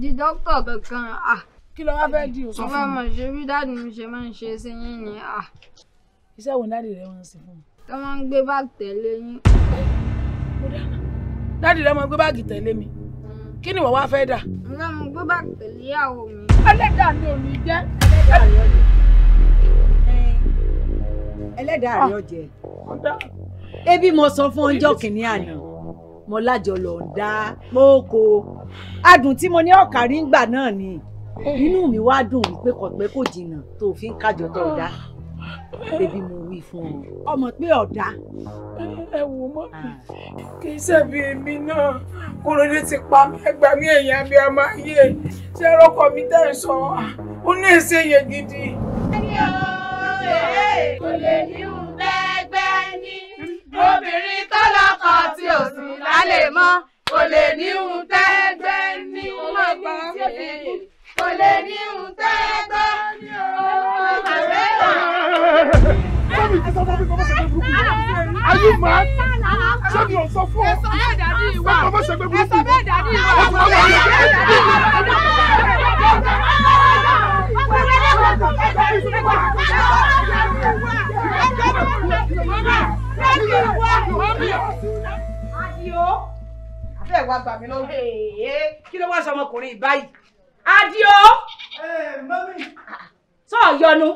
di dókítà kankan. kí lọ wá fẹ́ di òsọ fún mi. ọmọ ṣe bí dáàdì mi ṣe máa ń ṣe sí yín ni. iṣẹ́ wo dáàdì rẹ wọ́n ń ṣe fún mi. tí ń gbé báàgì tẹ̀lé yín. dáàdì rẹ máa gbé báàgì tẹ̀lé mi kí ni wọ́n wá fẹ́ dà. ǹjẹ́ mo gbé bá pẹ̀lú ìyàwó mi. ẹlẹ́dà mi ò ní jẹ́. ẹlẹ́dà rẹ̀ ọ̀jẹ̀ ebi mo sọ fún ọjọ́ kìíní àná mo lájọ lọ ń dá mọ́ọ̀kọ́ adùn tí mo ní ọ̀kàrí ń gbà náà ni inú mi wá dùn wípé kọ̀pẹ́ kò jìnnà tó fi ń kájọ tó dá bébí mo wí fún ọ ọmọ pé ọ̀dà. ẹ wò mọ́ kì í ṣẹ̀bi èmi náà kúròdé ti pa mí ẹgbà mí ẹ̀yìn abẹ́ ọmọ ayé ṣé ọkọ mi tẹ̀ ń sọ ó ní èsè yẹn gidi. kò lè ní un bẹ́ẹ̀gbẹ́ ní obìnrin tó lọ́kọ tí ò sì lálẹ́ mọ́ kò lè ní un tẹ́gbẹ́ ní ọmọ ìgbà kò lè ní un tẹ́gbẹ́ ní ọmọ rẹ̀. Are you mad? Ṣé mi ò sọ fún ọ? Ẹ̀sọ́ bẹ́ẹ̀ dàbí ìwà. Ẹ̀sọ́ bẹ́ẹ̀ Adio. ìwà. Ẹ̀sọ́ bẹ́ẹ̀ dàbí ìwà. Adio. Abẹ́ wa gbà mí lọ́wọ́. Adio. ló wá sọ ọmọkùnrin báyìí? Adio. Mọ́mí. Sọ yọnu.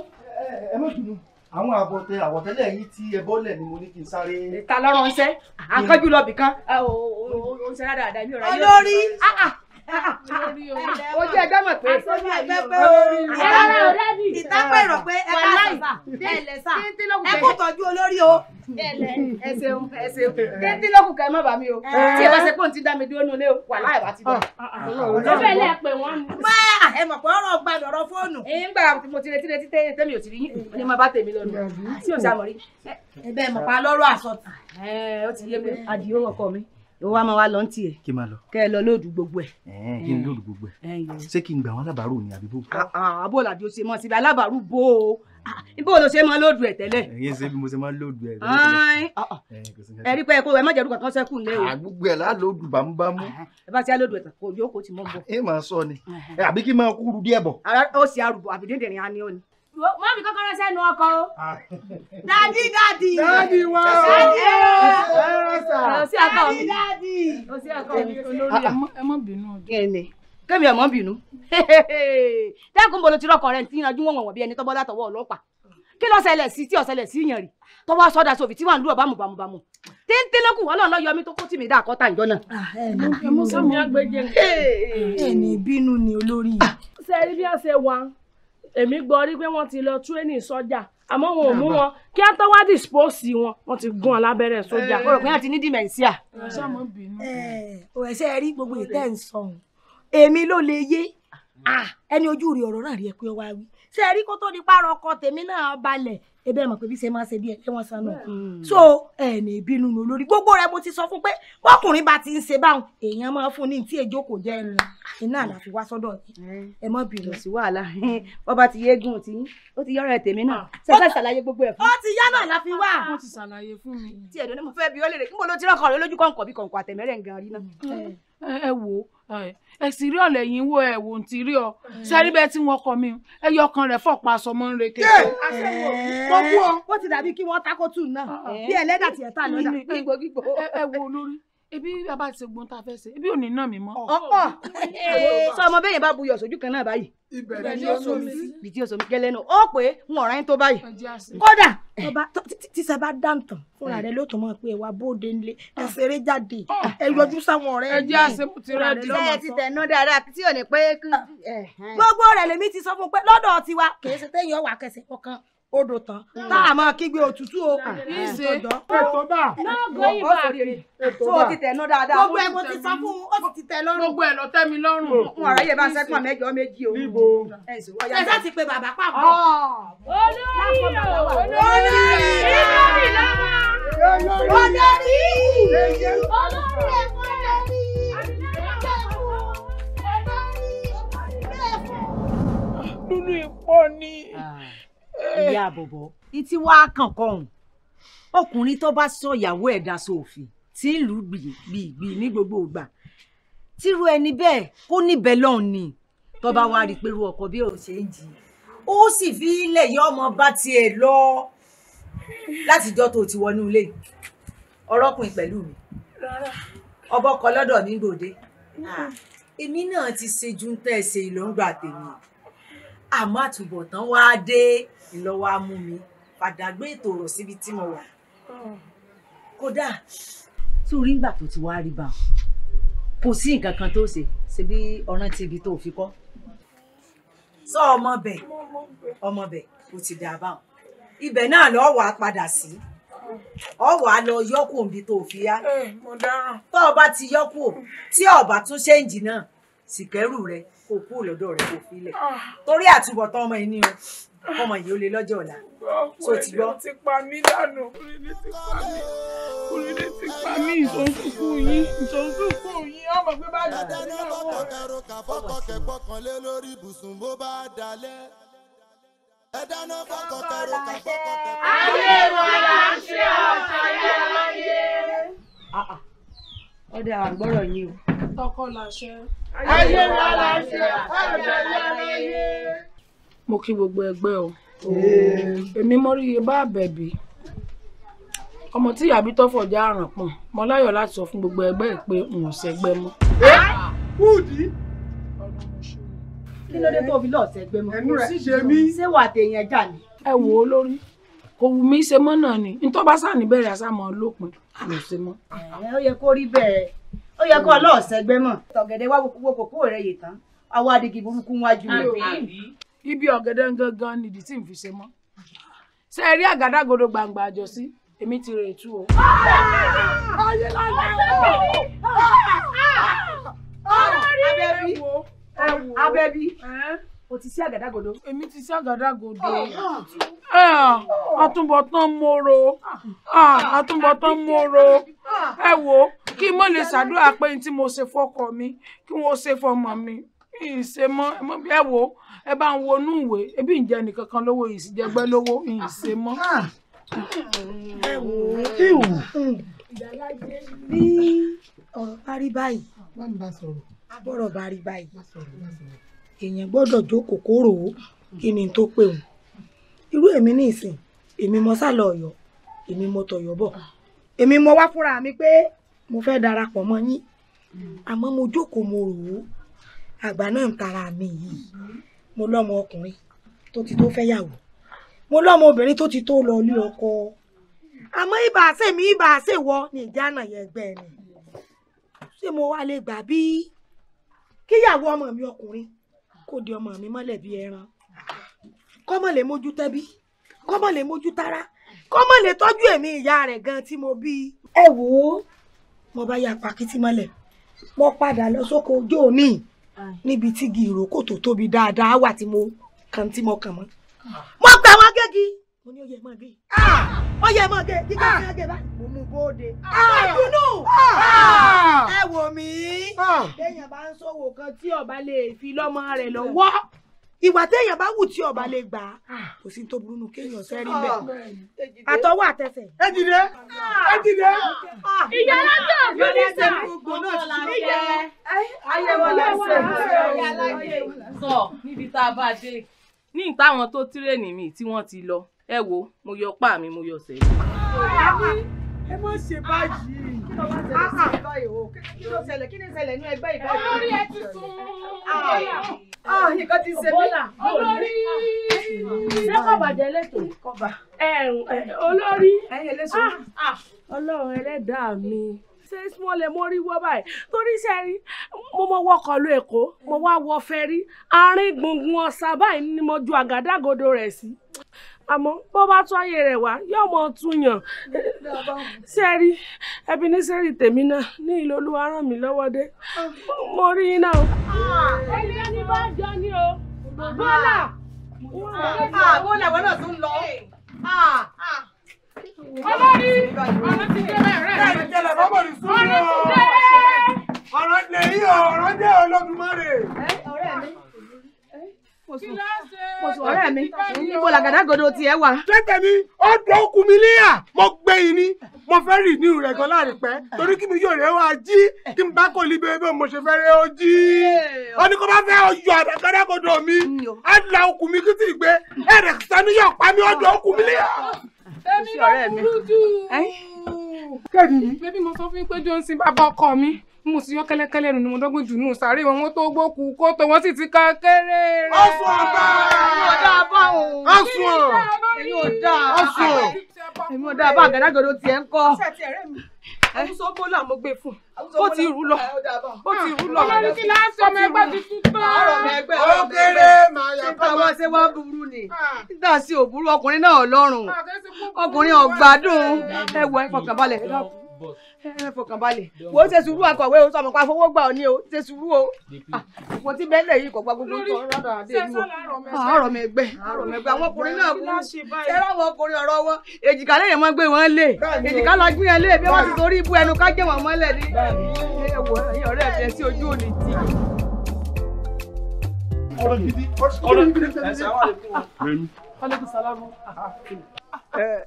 Ẹ má dùnú àwọn àbọ̀tẹ àwọ̀tẹ́lẹ̀ yìí tí ẹ bọ́lẹ̀ ni mo ní kí n sáré. ta lọ́rọ̀ ń sẹ́ àkájú lọ bìkan ó ń sẹ́ dáadáa mi ò rà yóò. olórí o jẹ ẹgbẹ́ mọ̀ pé ẹ rárá o rẹ́bì ìtàpẹ́ ìrọ̀ pé ẹ bá sà ẹ lẹ̀ sà ẹ kò tọ́jú olórí o ẹ ṣeun ẹ ṣeun tẹ́tí lókùn kẹ́ ẹ má bà mí o tí ẹ bá ṣe pé òun ti dá mi dúró nílé o wà láì bá ti dọ̀ ọbẹ̀ ilé ẹ pè wọ́n ni. wá ẹ mọ̀ pé ọ̀rọ̀ gba lọ́rọ̀ fóònù. ìgbà mo ti retí retí tẹ́mi ò ti rí yín ni mo bá tèmi lọ́nu tí ò sàmọ̀rí. ẹ bẹ́ẹ̀ mọ̀ pa lọ́rọ̀ àsọ̀tàn. ẹ ó ti yé mi àdìyó ọkọ mi ó wá máa wá lọ ntì ẹ kí máa lọ kẹ ẹ lọ lóòdù gbogbo ẹ. kí n lóòdù gbogbo ẹ ṣé kí n gbà wọn alábàárù ni àbí bò. àbò làbí o ṣe mọ síbi alábàárù bò ó bó o lọ ṣe máa lóòdù ẹ tẹ́lẹ̀. ẹyin ṣe bí mo ṣe máa lóòdù ẹ. ẹ rí pé ẹ kó ẹ má jẹ́ orúkọ kan sẹ́kù lé o. àgbègbè ẹ̀ lálóòdù bámúbámú. ẹ bá ti á lóòdù ẹ̀ tán kò yóò kó ti mọ́ bọ̀. ẹ máa sọ ni àbí kí n máa kúrú díẹ̀ bọ̀. ó sì arúgbó àbídẹ́dẹ̀rin á ní òní mọ mi kọ́kọ́rọ́ sẹ́nu ọkọ o dadi ah. dadi dadi wa o dadi dadi dadi o sí ọkọ mi olórí ẹ ah, ah. mọ bínú ọjọ́ kémi ẹ mọ bínú dẹ́kun [LAUGHS] bolo ti rọkọ rẹ ti yanjú wọn wọ̀n bí ẹni tọ́gbọ́n látọwọ́ ọlọ́pàá kí ló ṣẹlẹ̀ sí tí ó ṣẹlẹ̀ sí yẹn rí tọwọ́ sọ́dà sófì tí wọ́n ń lù ọ́ bámubàmubàmu tí ń tẹ́lẹ́kù ọlọ́run lọ́yọ mi tó kó tì mí dá àkọ́tà ìjọ náà. ẹ mú sọmi agbẹjẹ ẹ ní bínú ni olórí. sẹ́ẹ̀rí bí a ṣe wà èmi gbọ́ rí pé wọ́n ti lọ tírénì sọ́jà àmọ́ wọn ò mú wọn kí á tó wá dìspósì wọn wọ́n ti gún ọ lábẹ́rẹ́ sọ́jà. o rò pé wọ́n ti ní dementia. ọ̀ ẹ̀ṣẹ́ rí gbogbo ìtẹ́ ń sọ̀hún èmi ló lè yé ah, ẹni ojú rí ọ̀rọ̀ náà rí ẹ pé ó wá wí ṣe rí kó tó di pààrọ̀ ọkọ tèmi náà balẹ̀ ebe mọ̀ pé bí ṣe máa ṣe bí ẹlẹ́wọ̀n sanu hmm. so ẹ̀ẹ́nì ìbínú nù lórí gbogbo rẹ mo ti sọ fún pé bọ́kùnrin bá ti ń ṣe báwọn èèyàn máa fún ní tí èjò kò jẹ́ ẹran iná àlàfi wá sọ́dọ̀ ẹ mọ́ bìrì. kò sí wàhálà [LAUGHS] bọ́ba ti yégun tí ó ti yọ̀rọ̀ ẹ̀ náà ah. ṣẹ́fẹ́ ṣàlàyé gbogbo ẹ̀ fún. ó ti yá náà wá. wọ́n ti ṣàlàyé fún mi. tí ẹ̀dọ́ ni mo fẹ́ bi ọ́ lè ẹ wò ẹ sì rí ọ̀lẹ̀ yìí wo ẹ wò ń ti rí ọ sẹ́rí bẹ́ẹ̀ tí wọ́n kọ mi ẹ yọ ọkàn rẹ̀ fọ̀pá aṣọ ń reke. wọ́n kú ọ ó ti dàbí kí wọ́n takò tù náà bí ẹlẹ́dà tiẹ̀ tà lọ́dà. ẹ wò lórí ebi bàbá ti gbọ́n ta fẹ́ ṣe ebi ò ní ná mi mọ́. ọ̀pọ̀ sọ ọmọ bẹ́ẹ̀ yẹn bá buyọ̀ sójú kan náà báyìí. ibẹ̀ ni ó sọ mi. ibi tí ó sọ mi gẹ́lẹ́ náà ó pé n ọ̀rá yín tó báyìí. kódà tíṣà bá dáǹtàn fúnra rẹ ló tún mọ̀ pé wà bóde nílé ẹ ṣeré jáde ẹ yọjú sáwọn ọ̀rẹ́ ẹ jẹ́ àṣepọ̀ tí rẹ di lọ́mọ sọ. ti tẹ̀ ná dáadáa tí ò ní pé. gbogbo rẹ̀ lèmi ti sọ fún pé lọ́dọ̀ tiwa kì í ṣe téèyàn wà kẹsẹ̀ kọ̀ọ̀kan odò tán mm. tá a máa kígbe òtútù o ìṣèjọ. ètò náà lọ́gọ́ ìbá rèé tó o ti tẹ̀nu dáadáa. gbogbo ẹ̀ mo ti sọ fún un ó ti tẹ̀ lọ́rùn. gbogbo ẹ̀ lọ tẹ́ mi lọ́rùn. fún ọ̀rọ̀ yẹn bá sẹ́kùn mẹ́jọ méjì o. níbo ẹ̀sẹ̀ ti pe bàbá pàpọ̀. olórí olórí olórí lọ́wọ́ olórí olórí ẹ̀kọ́ ẹ̀rí. Lulu ìpọ́ ni. Ah ìyá àbọ̀bọ̀ ìtí wàá kàn kọ́hùn ọkùnrin tó bá sọ ìyàwó ẹ̀ daṣọ òfin tí ń lù gbìgbì ní gbogbo ìgbà tírú ẹni bẹ́ẹ̀ kó níbẹ̀ lọ́hùn ni tó bá wá rí i pé irú ọkọ bí òun ṣe ń jì ó sì fi ilẹ̀ yọ ọmọ bá tiẹ̀ lọ látijọ́ tó ti wọnú ilé ọ̀rọ̀kùnrin pẹ̀lú mi ọbọ̀ kọ lọ́dọ̀ mi gbòde ah, èmi náà ti ṣe ju ń tẹ́ ẹ ṣe ìlọ́ngbà tèmi àmọ́ àtúbọ̀tán wá dé ìlọ́wọ́ amú mi fàdàgbé ètò ọ̀rọ̀ síbi tí mo wà kódà torí ńgbà tó ti wá rí bá kò sí nǹkan kan tó ṣe ṣe bí ọ̀ràn tí ibi tó fi kọ́ sọ ọmọ bẹ ọmọ bẹ kò ti dà báwọn ibẹ̀ náà lọ wàá padà sí ọ wàá lọ yọkù òbí tó fi yá tó o bá ti yọkù tí ọba tún ṣéǹjì náà sìkẹrù rẹ kò kú lọ́dọ̀ rẹ̀ kò filẹ̀ ah. torí àtúbọ̀tán ọmọ yìí o ọmọ yìí ó lè lọ́jọ́ ọ̀la tó ti gbọ́. ti pa mí dànù orílẹ̀ ti pa mí orílẹ̀ yín ìsọ̀nsùnkù yín ọmọ pé bá dàda ní ọwọ́ rẹ̀. fọkọkẹ gbọkànlé lórí ibùsùn bó bá dalẹ̀. ẹ dáná àgbọ̀rọ̀ yín o tọkọ láṣẹ. ayé wa láṣẹ àjẹyẹ aráyé. mo kí gbogbo ẹgbẹ́ o èmi mọ rí bá àbẹ̀bí ọmọ tí ìyàbí tọ́fọ̀ já àràn pọ̀n mo láyọ̀ láti sọ fún gbogbo ẹgbẹ́ ẹ̀ pé n ò ṣẹgbẹ́ mọ́. wúdi. kí ló dé tó fi lọ́ọ̀ ṣẹgbẹ́ mọ́. ẹnu rẹ̀ ṣe mí. ṣé wàá tèèyàn jà ni. ẹ wò ó lórí kò wù mí ṣe mọ́ náà ni ntọ́ bá sá ní àṣà mọ́ lópin kò ṣe mọ́. ẹ ó yẹ kó rí bẹ́ẹ̀. o ó yẹ kó ọlọ́ọ̀sẹ̀gbẹ́ mọ̀ ọ̀gẹ̀dẹ̀ wá gbogbo kòkó rẹ̀ yìí tán àwa adigi burúkú nwaju rẹ̀. ibi ọ̀gẹ̀dẹ̀ gangan nìdí tí n fi ṣe mọ́ ṣe é rí àgádágodo gbangba àjọsí èmi ti rè tú o. abẹ́bí o ti sí àgádágodo. emi ti sí àgádágodo. àtúbọ̀tán ah àtúbọ̀tán mòró ẹ wo. kí n mọ̀ lè ṣàdúrà pé n tí mo ṣe fọ́kọ mi kí wọ́n ṣe fọ́mọ mi ìṣe mọ́ ẹ wo ẹ bá ń wọnú ìwé ebi ìjẹ nìkan kan lówó ìṣìjẹgbẹ lówó ìṣe mọ́. ẹ wò ẹ wò ọ̀rọ̀ bá báyìí bọ́rọ̀ bá báyìí èèyàn gbọ́dọ̀ jókòó kóró kí ni tó pé òun irú èmi ní ìsìn èmi mo sá lọ Ọ̀yọ́ èmi mo tọ̀yọ́ bọ̀ èmi mo wá fúnra mi pé mo fẹ́ darapọ̀ mọ́ yín mm-hmm. àmọ́ mo jókòó mo rò ó àgbà náà ń tara mi yìí mm-hmm. mo lọ́mọ ọkùnrin tó ti tó fẹ́yàwó mo lọ́mọ obìnrin tó ti tó lọ ilé ọkọ àmọ́ ibà àṣẹ mi ibà àṣẹ wọ ní ìjánà yẹn gbẹ ni ṣé mo wá lè gbà bí kíyàwó ọmọ mi ọkùnrin kò di ọmọ mi mọ́lẹ̀ bí ẹran kọ́mọ lè mójú tẹ́bí kọ́mọ lè mójú tara kọ́mọ lè tọ́jú èmi ìyá rẹ̀ gan tí mo bí. ẹ wò ó mo bá yá pakítí mọ́lẹ̀ mo padà lọ sóko ọjọ́ òní níbi tí igi ìrókò tó tóbi dáadáa wà tí mo kàn tí mo kàn mọ́ mo pè àwọn gégi mo ní oyè máa gé ah! oyè máa gé gíga tí wọ́n gé bá. mo mú bóde. àdúnú ah! ah! ẹ wò mí. téèyàn bá ń ṣòwò kan tí ọba lè fi lọ́mọ rẹ̀ lọ́wọ́ ìwà téèyàn bá wù tí ọba lè gbà á ah. kò sí tó burú nu kéèyàn ah. sẹ́rí bẹ́ẹ̀ àtọwọ́ àtẹsẹ̀. ẹ dìde ah. ẹ dìde. ìyá alájọ òfin ní sẹ́yìn gbogbo náà la ń jẹ ayẹwo lẹsẹ sọ níbi tá a bá dé ní ìtàwọn tó tírèènì mi tí wọ́n ti lọ ẹ wo mo yọ pa mi mo yọ sẹ. ẹ má ṣe báyìí. kí ló ṣẹlẹ̀ kí ló ṣẹlẹ̀ ní ẹgbẹ́ ìbáyìí. olórí ẹ ti sún ah nǹkan ti ṣe mí. olórí ṣé kọba jẹ lẹtọ. kọba. olórí. ẹyin eléso. Ah, ah. ọlọ́run ẹlẹ́dàá mi ṣe small ẹ mọ rí wọ báyìí torí iṣẹ́ rí mo mọ wọkọ̀ lọ Èkó mo wá wọ fẹ́rí àárín gbùngbùn ọ̀sà báyìí ni mo ju àgádágodo rẹ̀ sí àmọ́ bó bá tún ayé rẹ̀ wá yóò mọ̀ túyàn sẹ́rí ẹbí ní sẹ́rí tèmi náà ní ìlú olúwa ràn mí lọ́wọ́ dé mo rí iná o. ẹni ẹni bá jọ ni o bọ́là bọ́là ah, wọn náà tún lọ. Ah! olórí ọ̀nà ti dé bẹ́ẹ̀ rẹ̀. bẹ́ẹ̀ ni jẹlẹ bọ́bọ̀ ní sùn lọ ọ̀rọ̀ dé yìí ọ̀rọ̀ dé Olódùmarè. ọ̀rẹ́ mi ọ̀rẹ́ mi níbo làgàdàgodo tiẹ̀ wà. tẹ́tẹ̀ mi ó dán okùn mi níyà mo gbé yín ni mo fẹ́ rí ìnírù rẹ̀ gan láàrin pẹ́ torí kí mi yóò rẹ̀ wá jí kí n bá kò lè bẹ́ẹ̀ bí mo ṣe fẹ́ rẹ̀ ó jí. ó ní mo ti yọ kẹ́lẹ́kẹ́lẹ́ nu ni mo dọ́gbọ́n jù nù sàárè wọn wọn tó gbókù kó tó wọn sì ti ka kéré ọsùn ọba èmi ò dáa ọsùn èmi ò ọsùn èmi ò dáa bá àgádágodo tiẹ̀ ń kọ́. àwùjọ bọ́lá mo gbé fún ó ti rú lọ ah, ó ti rú lọ. olórí kí ló ń sọ ọmọ ẹgbẹ́ tuntun tán. ọ̀rọ̀ kéré màá yà pa wá ṣé wá burú ni. Ah. nígbà tí ò burú ọkùnrin náà lọ́rùn ah, ọkùnrin ọ̀gbádùn ẹ̀wọ̀ ẹ̀fọ̀kànbalẹ̀ ẹ̀dá kù ẹ fọkàn balẹ̀ wo ṣe sùúrù akọ̀wé o sọmọ pa fowó gbà ọ ní o ṣe sùúrù o ah, mo ti bẹ́ẹ̀ lẹ̀ yìí kò gba gbogbo tó rọ́dà àdé mi o àárọ̀ mi gbẹ àárọ̀ mi gbẹ àwọn ọkùnrin náà kú ṣẹlẹ̀ àwọn ọkùnrin ọ̀rọ̀ wọn èjìká lẹ́yìn máa gbé wọn lé èjìká lọ gbé yẹn lé bí wọ́n ti torí ibú ẹnu ká jẹ́ wọn mọ́lẹ̀ ní ẹ̀wọ̀ ẹ̀yìn ọ̀rẹ́ ẹ̀ ọ̀rọ̀ gidi ọ̀rọ̀ gidi aleykum salamu.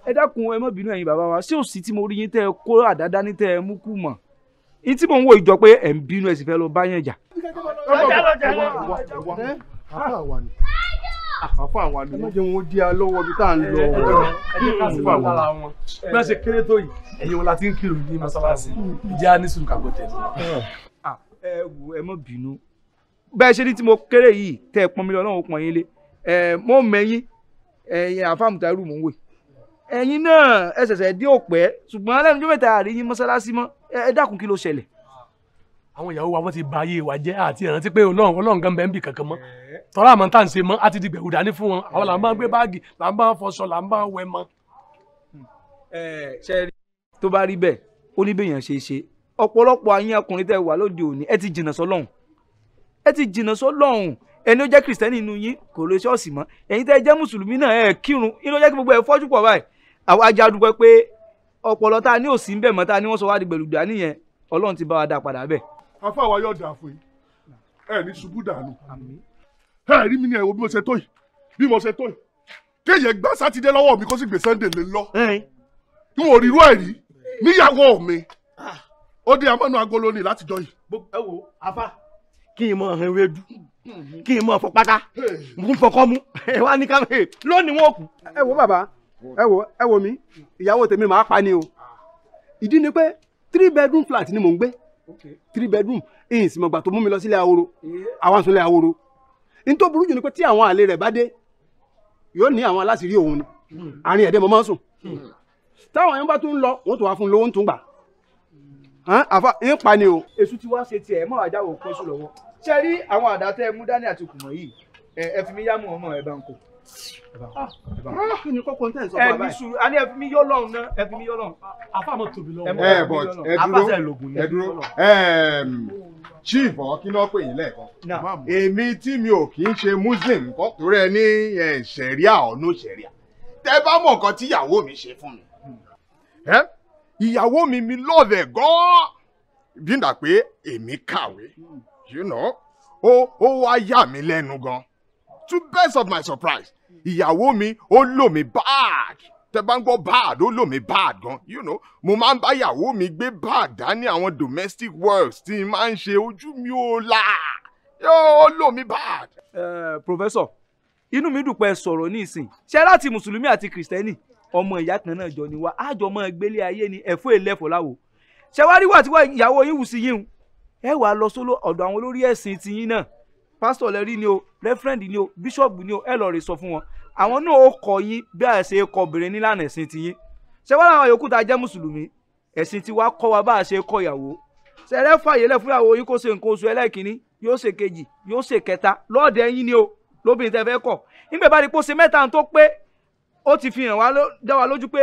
ẹ dákun ẹ má bínú ẹ̀yin bàbá wa ṣé òsì tí mo rí yín tẹ ẹ kó àdá dání tẹ ẹ mú kú mọ ní tí mò ń wo ìjọ pé ẹ ń bínú ẹ sì fẹ́ lọ bá yẹn jà. lọ́jà lọ́jà lọ́jà àfa wa ni àfa wa ni wọn jẹ wọn di alọwọ bí tá à ń lọ àfa wa wọn bí wọn ṣe kéré tó yìí ẹ̀yin wọn la ti ń kírun ní mọ́sálásí ìjẹ anísùn kàgbọ tẹ. ẹ wo ẹ má bínú bẹ́ẹ̀ ṣe ní tí mo kéré yìí tẹ́ ẹ pọ́n mi lọ́wọ́ pọ́n yín lé ẹ mọ́ mẹ́yìn ẹ̀yin àfàmùtà irú mò ń wè ẹ̀yin náà ẹ ṣẹ̀ṣẹ̀ dé òpẹ́ ṣùgbọ́n lẹ́nu tó mẹ́ta àrí yín mọ́ṣáláṣí mọ́ ẹ dákun kí ló ṣẹlẹ̀. àwọn ìyàwó wa wọ́n ti ba ayé wa jẹ́ àti ìrántí pé ọlọ́run ọlọ́run gan bẹ́ẹ̀ ń bì kankan mọ́ tọ́lá àmọ́ tá à ń ṣe mọ́ á ti di gbẹ̀wò dání fún wọn àwọn là ń bá gbé báàgì là ń bá fọṣọ là ń bá wẹ mọ́. tó bá rí bẹ́ẹ̀ ó ní bẹ́ẹ̀ yàn ṣe é ṣe ọ̀pọ̀lọpọ̀ ayé ọkùnrin tẹ́ wà lóde òní ẹ ti jìnnà sọ́lọ́run ẹ ti jìnnà sọ́lọ́run ẹni ó jẹ́ kìrìsìtẹ́nì inú yín kò lọ ṣọ́ọ̀ṣì mọ́ ẹ̀yin tẹ́ ẹ jẹ́ mùsùlùmí náà ẹ̀ kírun inú ó jẹ́ kí gbogbo ẹ̀ fọ́jú pọ̀ báyìí àwọn ajá dúpẹ́ pé ọpọlọ tá a ní òsì ń bẹ̀ mọ́ tá a ní wọ́n sọ wá di gbẹ̀lùdà nìyẹn ọlọ́run ti bá wa dá padà bẹ̀. afọ àwa yóò dà fún ẹ ní ṣubú dànù ẹ rí mi ní ẹwọ bí mo ṣe tó yìí bí mo ṣe tó yìí kéèyàn gbá sátidé lọ́wọ́ mi kó sì gbé sunday lé lọ n ò rí irú ẹ̀ rí níyàwó mi ah. ó dé amọ́nú agolo ni látijọ́ yìí. ẹ wo afa kí n mọ ọ̀hún ewédú Mm-hmm. kí n mọ ọ̀fọ̀ pátá mo ń fọkọ́ mu [LAUGHS] ẹ wá ní ká lónìí wọn kù. ẹ wo bàbá ẹ wo ẹ wo mi ìyàwó tèmi màá pa ni o ìdí ni pé three bedroom flat ni mò ń gbé three bedroom ìyìn sì mọ̀gbà tó mú mi lọ sílé ahoro àwọn àsọlẹ̀ ahoro n tó burú jù ni pé tí àwọn àlè rẹ̀ bá dé yóò ní àwọn aláṣìírí òun ni mm. àárín ẹ̀dẹ́ mọ́ máa ń sùn mm. táwọn yẹn bá tún lọ wọn tó wá fún un lówó ń tún gbà àfa ń pa ni o. èṣù ti wá ṣe tiẹ̀ mọ́ àjáwò kan sùn lọ́wọ́ ṣe rí àwọn àdá tẹ mú dání àti kùmọ̀ yìí ẹ fi mi yá mu ọmọ ẹ bá ń kó. Ah, kí ni kókó ń tẹ̀ sọ fún abáyé. ẹ ní sùúrù a ní ẹ fi mi yọ lọ́run náà ẹ fi mi yọ lọ́run afa mo tóbi lọ́wọ́. ẹ bọ ẹ dúró ẹ dúró chief ọ kí ló pè yín lẹ́ẹ̀kan èmi tí mi ò kì í ṣe muslim kọ́ torí ẹ ní ṣẹ̀ríà ọ̀nà ṣẹ̀ríà tẹ bá mọ̀ nǹkan tí ìyàwó mi ṣe fún mi. Hmm. ìyàwó mi mi lọ́ọ̀dẹ̀ gan-an bí n dà pé èmi kàwé. Hmm you know ó ó wá yà mí lẹ́nu gan to best of my surprise ìyàwó mi ó lò mí bad tẹ bá ń gbọ́ bad ó lò mí bad gan you know mo máa ń bá ìyàwó mi gbé bad dání àwọn domestic works tí n máa ń ṣe ojú mi ò là ó lò mí bad. Uh, professor inú mi dùn pé sọ̀rọ̀ ní ìsìn ṣe láti mùsùlùmí àti kìrìsìtẹ́nì ọmọ ìyá kan náà jọ ni wá àjọmọ́ gbélé ayé ni ẹ̀fọ́ èlẹ́fọ̀ láwo ṣe wá rí wà tí ìyàwó yín wù sí yín ẹ wàá lọ sólò ọ̀dọ̀ àwọn olórí ẹ̀sìn tiyín náà pásítọ̀ lẹ́rí ni o rẹ́fẹ́rẹ́ndì ni o bíṣọ̀bù ni o ẹ lọ́ọ́ rè sọ fún wọn àwọn náà ó kọ́ yín bí a ṣe kọ́ obìnrin nílànà ẹ̀sìn tiyín ṣé wọ́n làwọn yòókù tá a jẹ́ mùsùlùmí ẹ̀sìn tiwa kọ́ wa bá a ṣe kọ́ ìyàwó ṣẹlẹ̀ fàyẹlẹ̀ fún ìyàwó yín kó ṣe nǹkan oṣù ẹlẹ́ẹ̀kínní yóò ṣe kejì yóò ṣe kẹta lọ́ọ̀dẹ yín ni o lóbìnrin tẹ́ fẹ́ kọ̀ nígbà bá rí pé ó ṣe mẹ́ta tó pé ó ti fi hàn wá dá wa lójú pé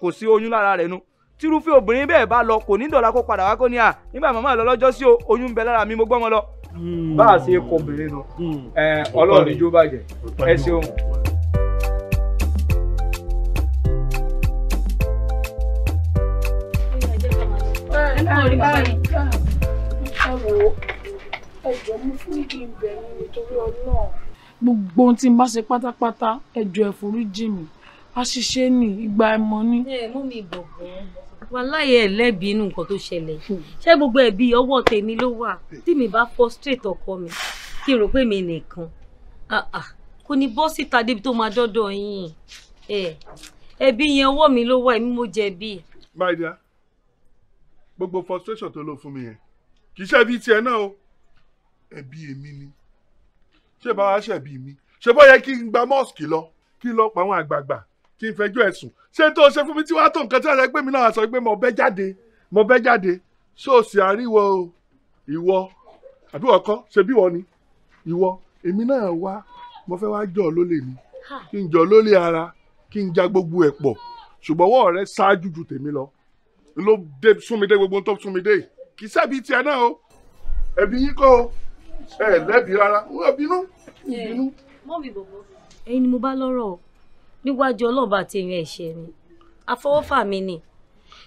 kò sí oyún lára rẹ̀ nu tírúfẹ́ obìnrin bẹ́ẹ̀ bá lọ kò ní dọ̀la kó padà wá kó ní à nígbà màmá lọ lọ́jọ́ sí o oyún ń bẹ lára mi mo gbọ́mọ lọ. Hmm. bá a ṣe kọ obìnrin nu hmm. ọlọ́run ní jó bàjẹ́ ẹ ṣeun. gbogbo ohun tí n bá ṣe pátápátá ẹjọ ẹ̀fọ́rí jì àṣìṣe ní ìgbà ẹ̀mọ́ ni. ẹ mú mi bọ̀ bọ̀ wàláyé ẹ lẹ́bi inú nǹkan tó ṣẹlẹ̀ ṣé gbogbo ẹ̀bi ọwọ́ tèmi ló wà tí mi bá frustrate ọkọ mi kí n rò pé mi nìkan kò ní bọ́ síta débi tó máa dọ́dọ̀ yín ẹ̀bi yẹn ọwọ́ mi ló wà èmi mo jẹ̀bi. my dear gbogbo frustration tó lò fún mi yẹn kì í ṣe ẹ̀bi tiẹ̀ náà o ẹ̀bi èmi ni ṣé bá wa ṣẹ̀bi mi ṣé bó yẹ kí n gba mọ́ọ̀sì lọ kí n lọ pa àwọn àgbààgbà kí n fẹjọ́ ẹ̀sùn ṣé tó ṣe fún mi tí wàá tó nǹkan tí wàá sọ pé mi náà sọ pé mo bẹ́ jáde mo bẹ́ jáde ṣóòsì àríwọ o ìwọ àbí wọ́n kọ́ ṣe bí wọ́n ni ìwọ èmi náà wá mo fẹ́ wá jọ lólè mi kí n jọ lólè ara kí n ja gbogbo ẹ̀ pọ̀ ṣùgbọ́n ọwọ́ rẹ ṣáájú ju tèmi lọ ló dé súnmídé gbogbo tó súnmídé kì í sẹ́bi tiẹ̀ náà o ẹ̀bi yín kọ́ o ẹ̀ lẹ́bi rárá wọ́n bínú bínú. ni mo bá lọ́rọ̀ o níwájú ọlọ́ọ̀bá àti èèyàn ẹ̀ṣẹ̀ ni àfọwọ́fà mi ni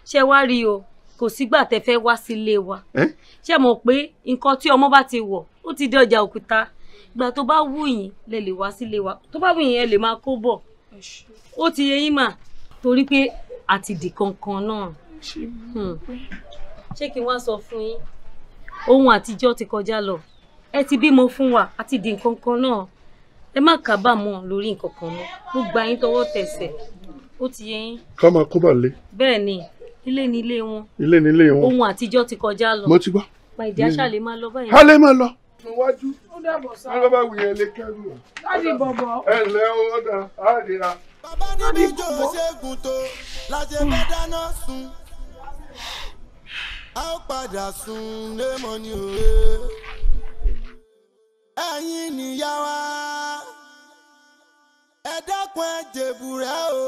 ṣé wá rí o kò sígbà tẹ fẹ́ wá sílé wa ṣé mọ̀ pé nǹkan tí ọmọ bá ti wọ̀ ó ti di ọjà òkúta ìgbà tó bá wù yín lẹ lè wá sílé wa tó bá wù yín ẹ lè máa kó bọ̀ ó ti yẹ yín mà torí pé àti dì kankan náà hmm. ṣé kí n wá sọ fún yín ohun àtijọ́ ti kọjá lọ ẹ ti bímọ fún wa àti dì kankan náà ẹ má kábàámọ̀ lórí nǹkan kan mọ́ mo gba yín tọwọ́ tẹsẹ̀ ó ti yé yín. ká máa kó bà lé. bẹ́ẹ̀ ni ilé ni ilé wọn. ilé ni ilé wọn. ohun àtijọ́ ti kọjá lọ. mo ti gbọ́. pàìdí àṣà lè máa lọ báyìí. ká lè máa lọ níwájú. ó dàbọ̀ sá. wọ́n bá wuyẹ̀ lé kẹ́rù. láti bọ̀bọ̀. ẹ ǹlẹ́ o ó dà á rira. bàbá níbi jò ṣègùn tó láti fẹ́ dáná sun. a ó padà sun lémọ̀ ní òwe. ẹ̀yin nìyá wa ẹ ejebure ẹ o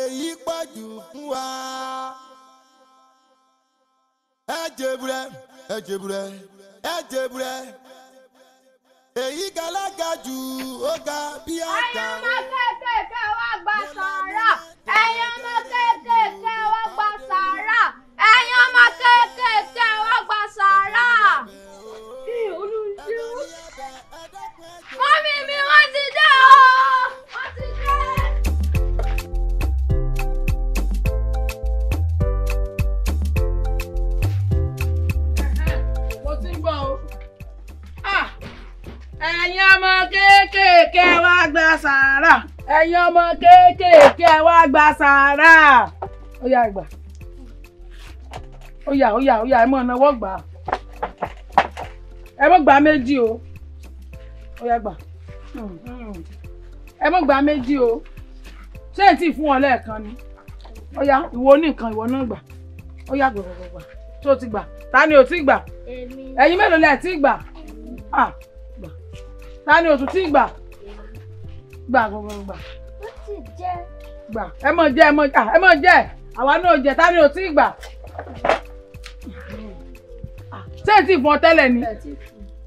èyí pọ̀ jù fún wa ẹ jèbùrẹ́ ẹ ẹ galaga jù ó ga bí àgbà. ẹ̀yin ọmọ kéékèèké wá gba mọ́mí mi wọ́n ti dé o wọ́n ti dé. mo ti ń bọ̀ o ah, ẹ̀yin ọmọ kéékèèké wá gba sàárà ẹ̀yin ọmọ kéékèèké wá gba sàárà ó yá ìgbà ó yá ó yá ó yá ẹ mọ̀ ọ̀nà wọ́gbà ẹ mọ̀ gbà méjì o ó yá gbà ẹ mọ̀ gba méjì o ṣé ẹ ti fún wọn lẹ́ẹ̀kan ni ó yá ìwọ oníkan ìwọ náà gbà Oya yá gbàgbàgbà tó ti gbà ta ni ò ti gbà ẹ̀yin mélòó lẹ ti gbà ta ni ò tún ti gbà gbà gbàgbàgbà ó ti jẹ gbà ẹ mọ̀ jẹ ẹ mọ̀ jẹ ẹ mọ̀ jẹ àwa náà jẹ ta ni ò ti gbà ṣé ẹ ti fún ọ tẹ́lẹ̀ ni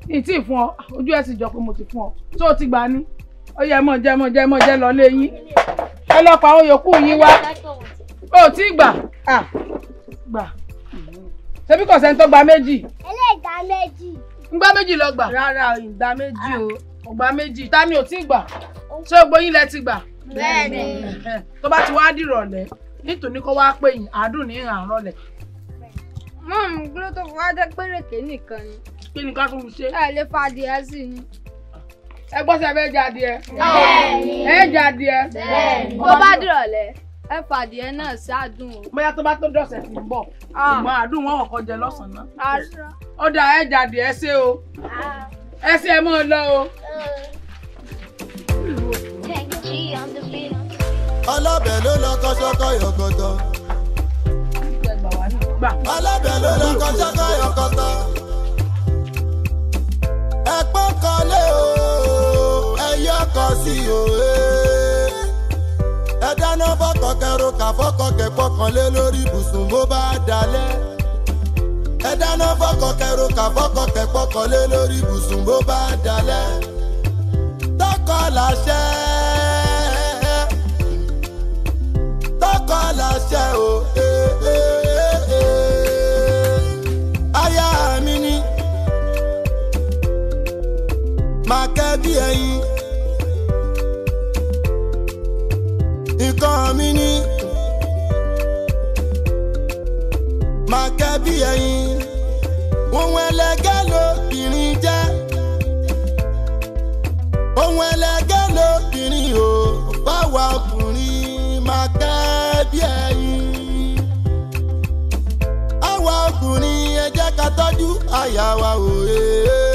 ìtì fún ọ ojú ẹ sì jọ pé mo ti fún ọ tó o ti gbà ní ó yẹ mọ jẹ mọ jẹ mọ jẹ lọ lé yín ẹ pa àwọn yòókù yín wá ó tí gbà gbà ṣebí kò sẹ́ni tó gba méjì. ẹlẹ́gbà méjì. ń gbá méjì lọ gbà. rárá ìgbà méjì o ọgbà méjì ta ni ò tí gbà ṣé gbogbo yín lẹ ti gbà. bẹ́ẹ̀ni. tó bá ti wá dìrọ̀lẹ́ nítorí kó wá pé yín àádùn ní ìhàn rọlẹ̀. mọ́ọ̀mù gbọ́dọ̀ tó fi wá dẹ́ nìkan ni kí ni ká tún ṣe. ẹ lè fa adìẹ sí ni. ẹ gbọ́ sẹ́ fẹ́ jáde ẹ. bẹ́ẹ̀ni ẹ jáde ẹ. bẹ́ẹ̀ni bó bá dìrọ̀lẹ́ ẹ fàdìẹ náà ṣáàdùn o. bóyá tó bá tó dọ̀sẹ̀ tí ń bọ̀ ṣùgbọ́n ah. àdùn wọn kọ́kọ́ jẹ lọ́sàn-án. Ah, ó dà ẹ jáde ẹ ṣe o ah. ẹ ṣe ẹ mọ́ lọ o. ọlọ́bẹ̀ ló lọ kọ́ṣọ́kọ́ yọ̀kọ̀tọ̀. ọlọ́bẹ̀ ló lọ kọ́ṣọ́kọ́ yọ̀kọ̀tọ̀ ẹ̀pọ́n kan lé o ẹ̀yọ́ kan sí o eh. ẹ dáná fọkàn kẹrò kà fọkàn kẹpọ̀ kan lé lórí ibùsùn bó bá dalẹ̀ ẹ dáná fọkàn kẹrò kà o. máa kẹ́ bí ẹyin. nǹkan mi ní máa kẹ́ bí ẹyin. ohun ẹlẹgẹ́ lobìnrin jẹ́ ohun ẹlẹgẹ́ lobìnrin o báwa ọkùnrin máa kẹ́ bí ẹyin. àwa ọkùnrin ẹ jẹ́ ká tọ́jú àyà wa òye.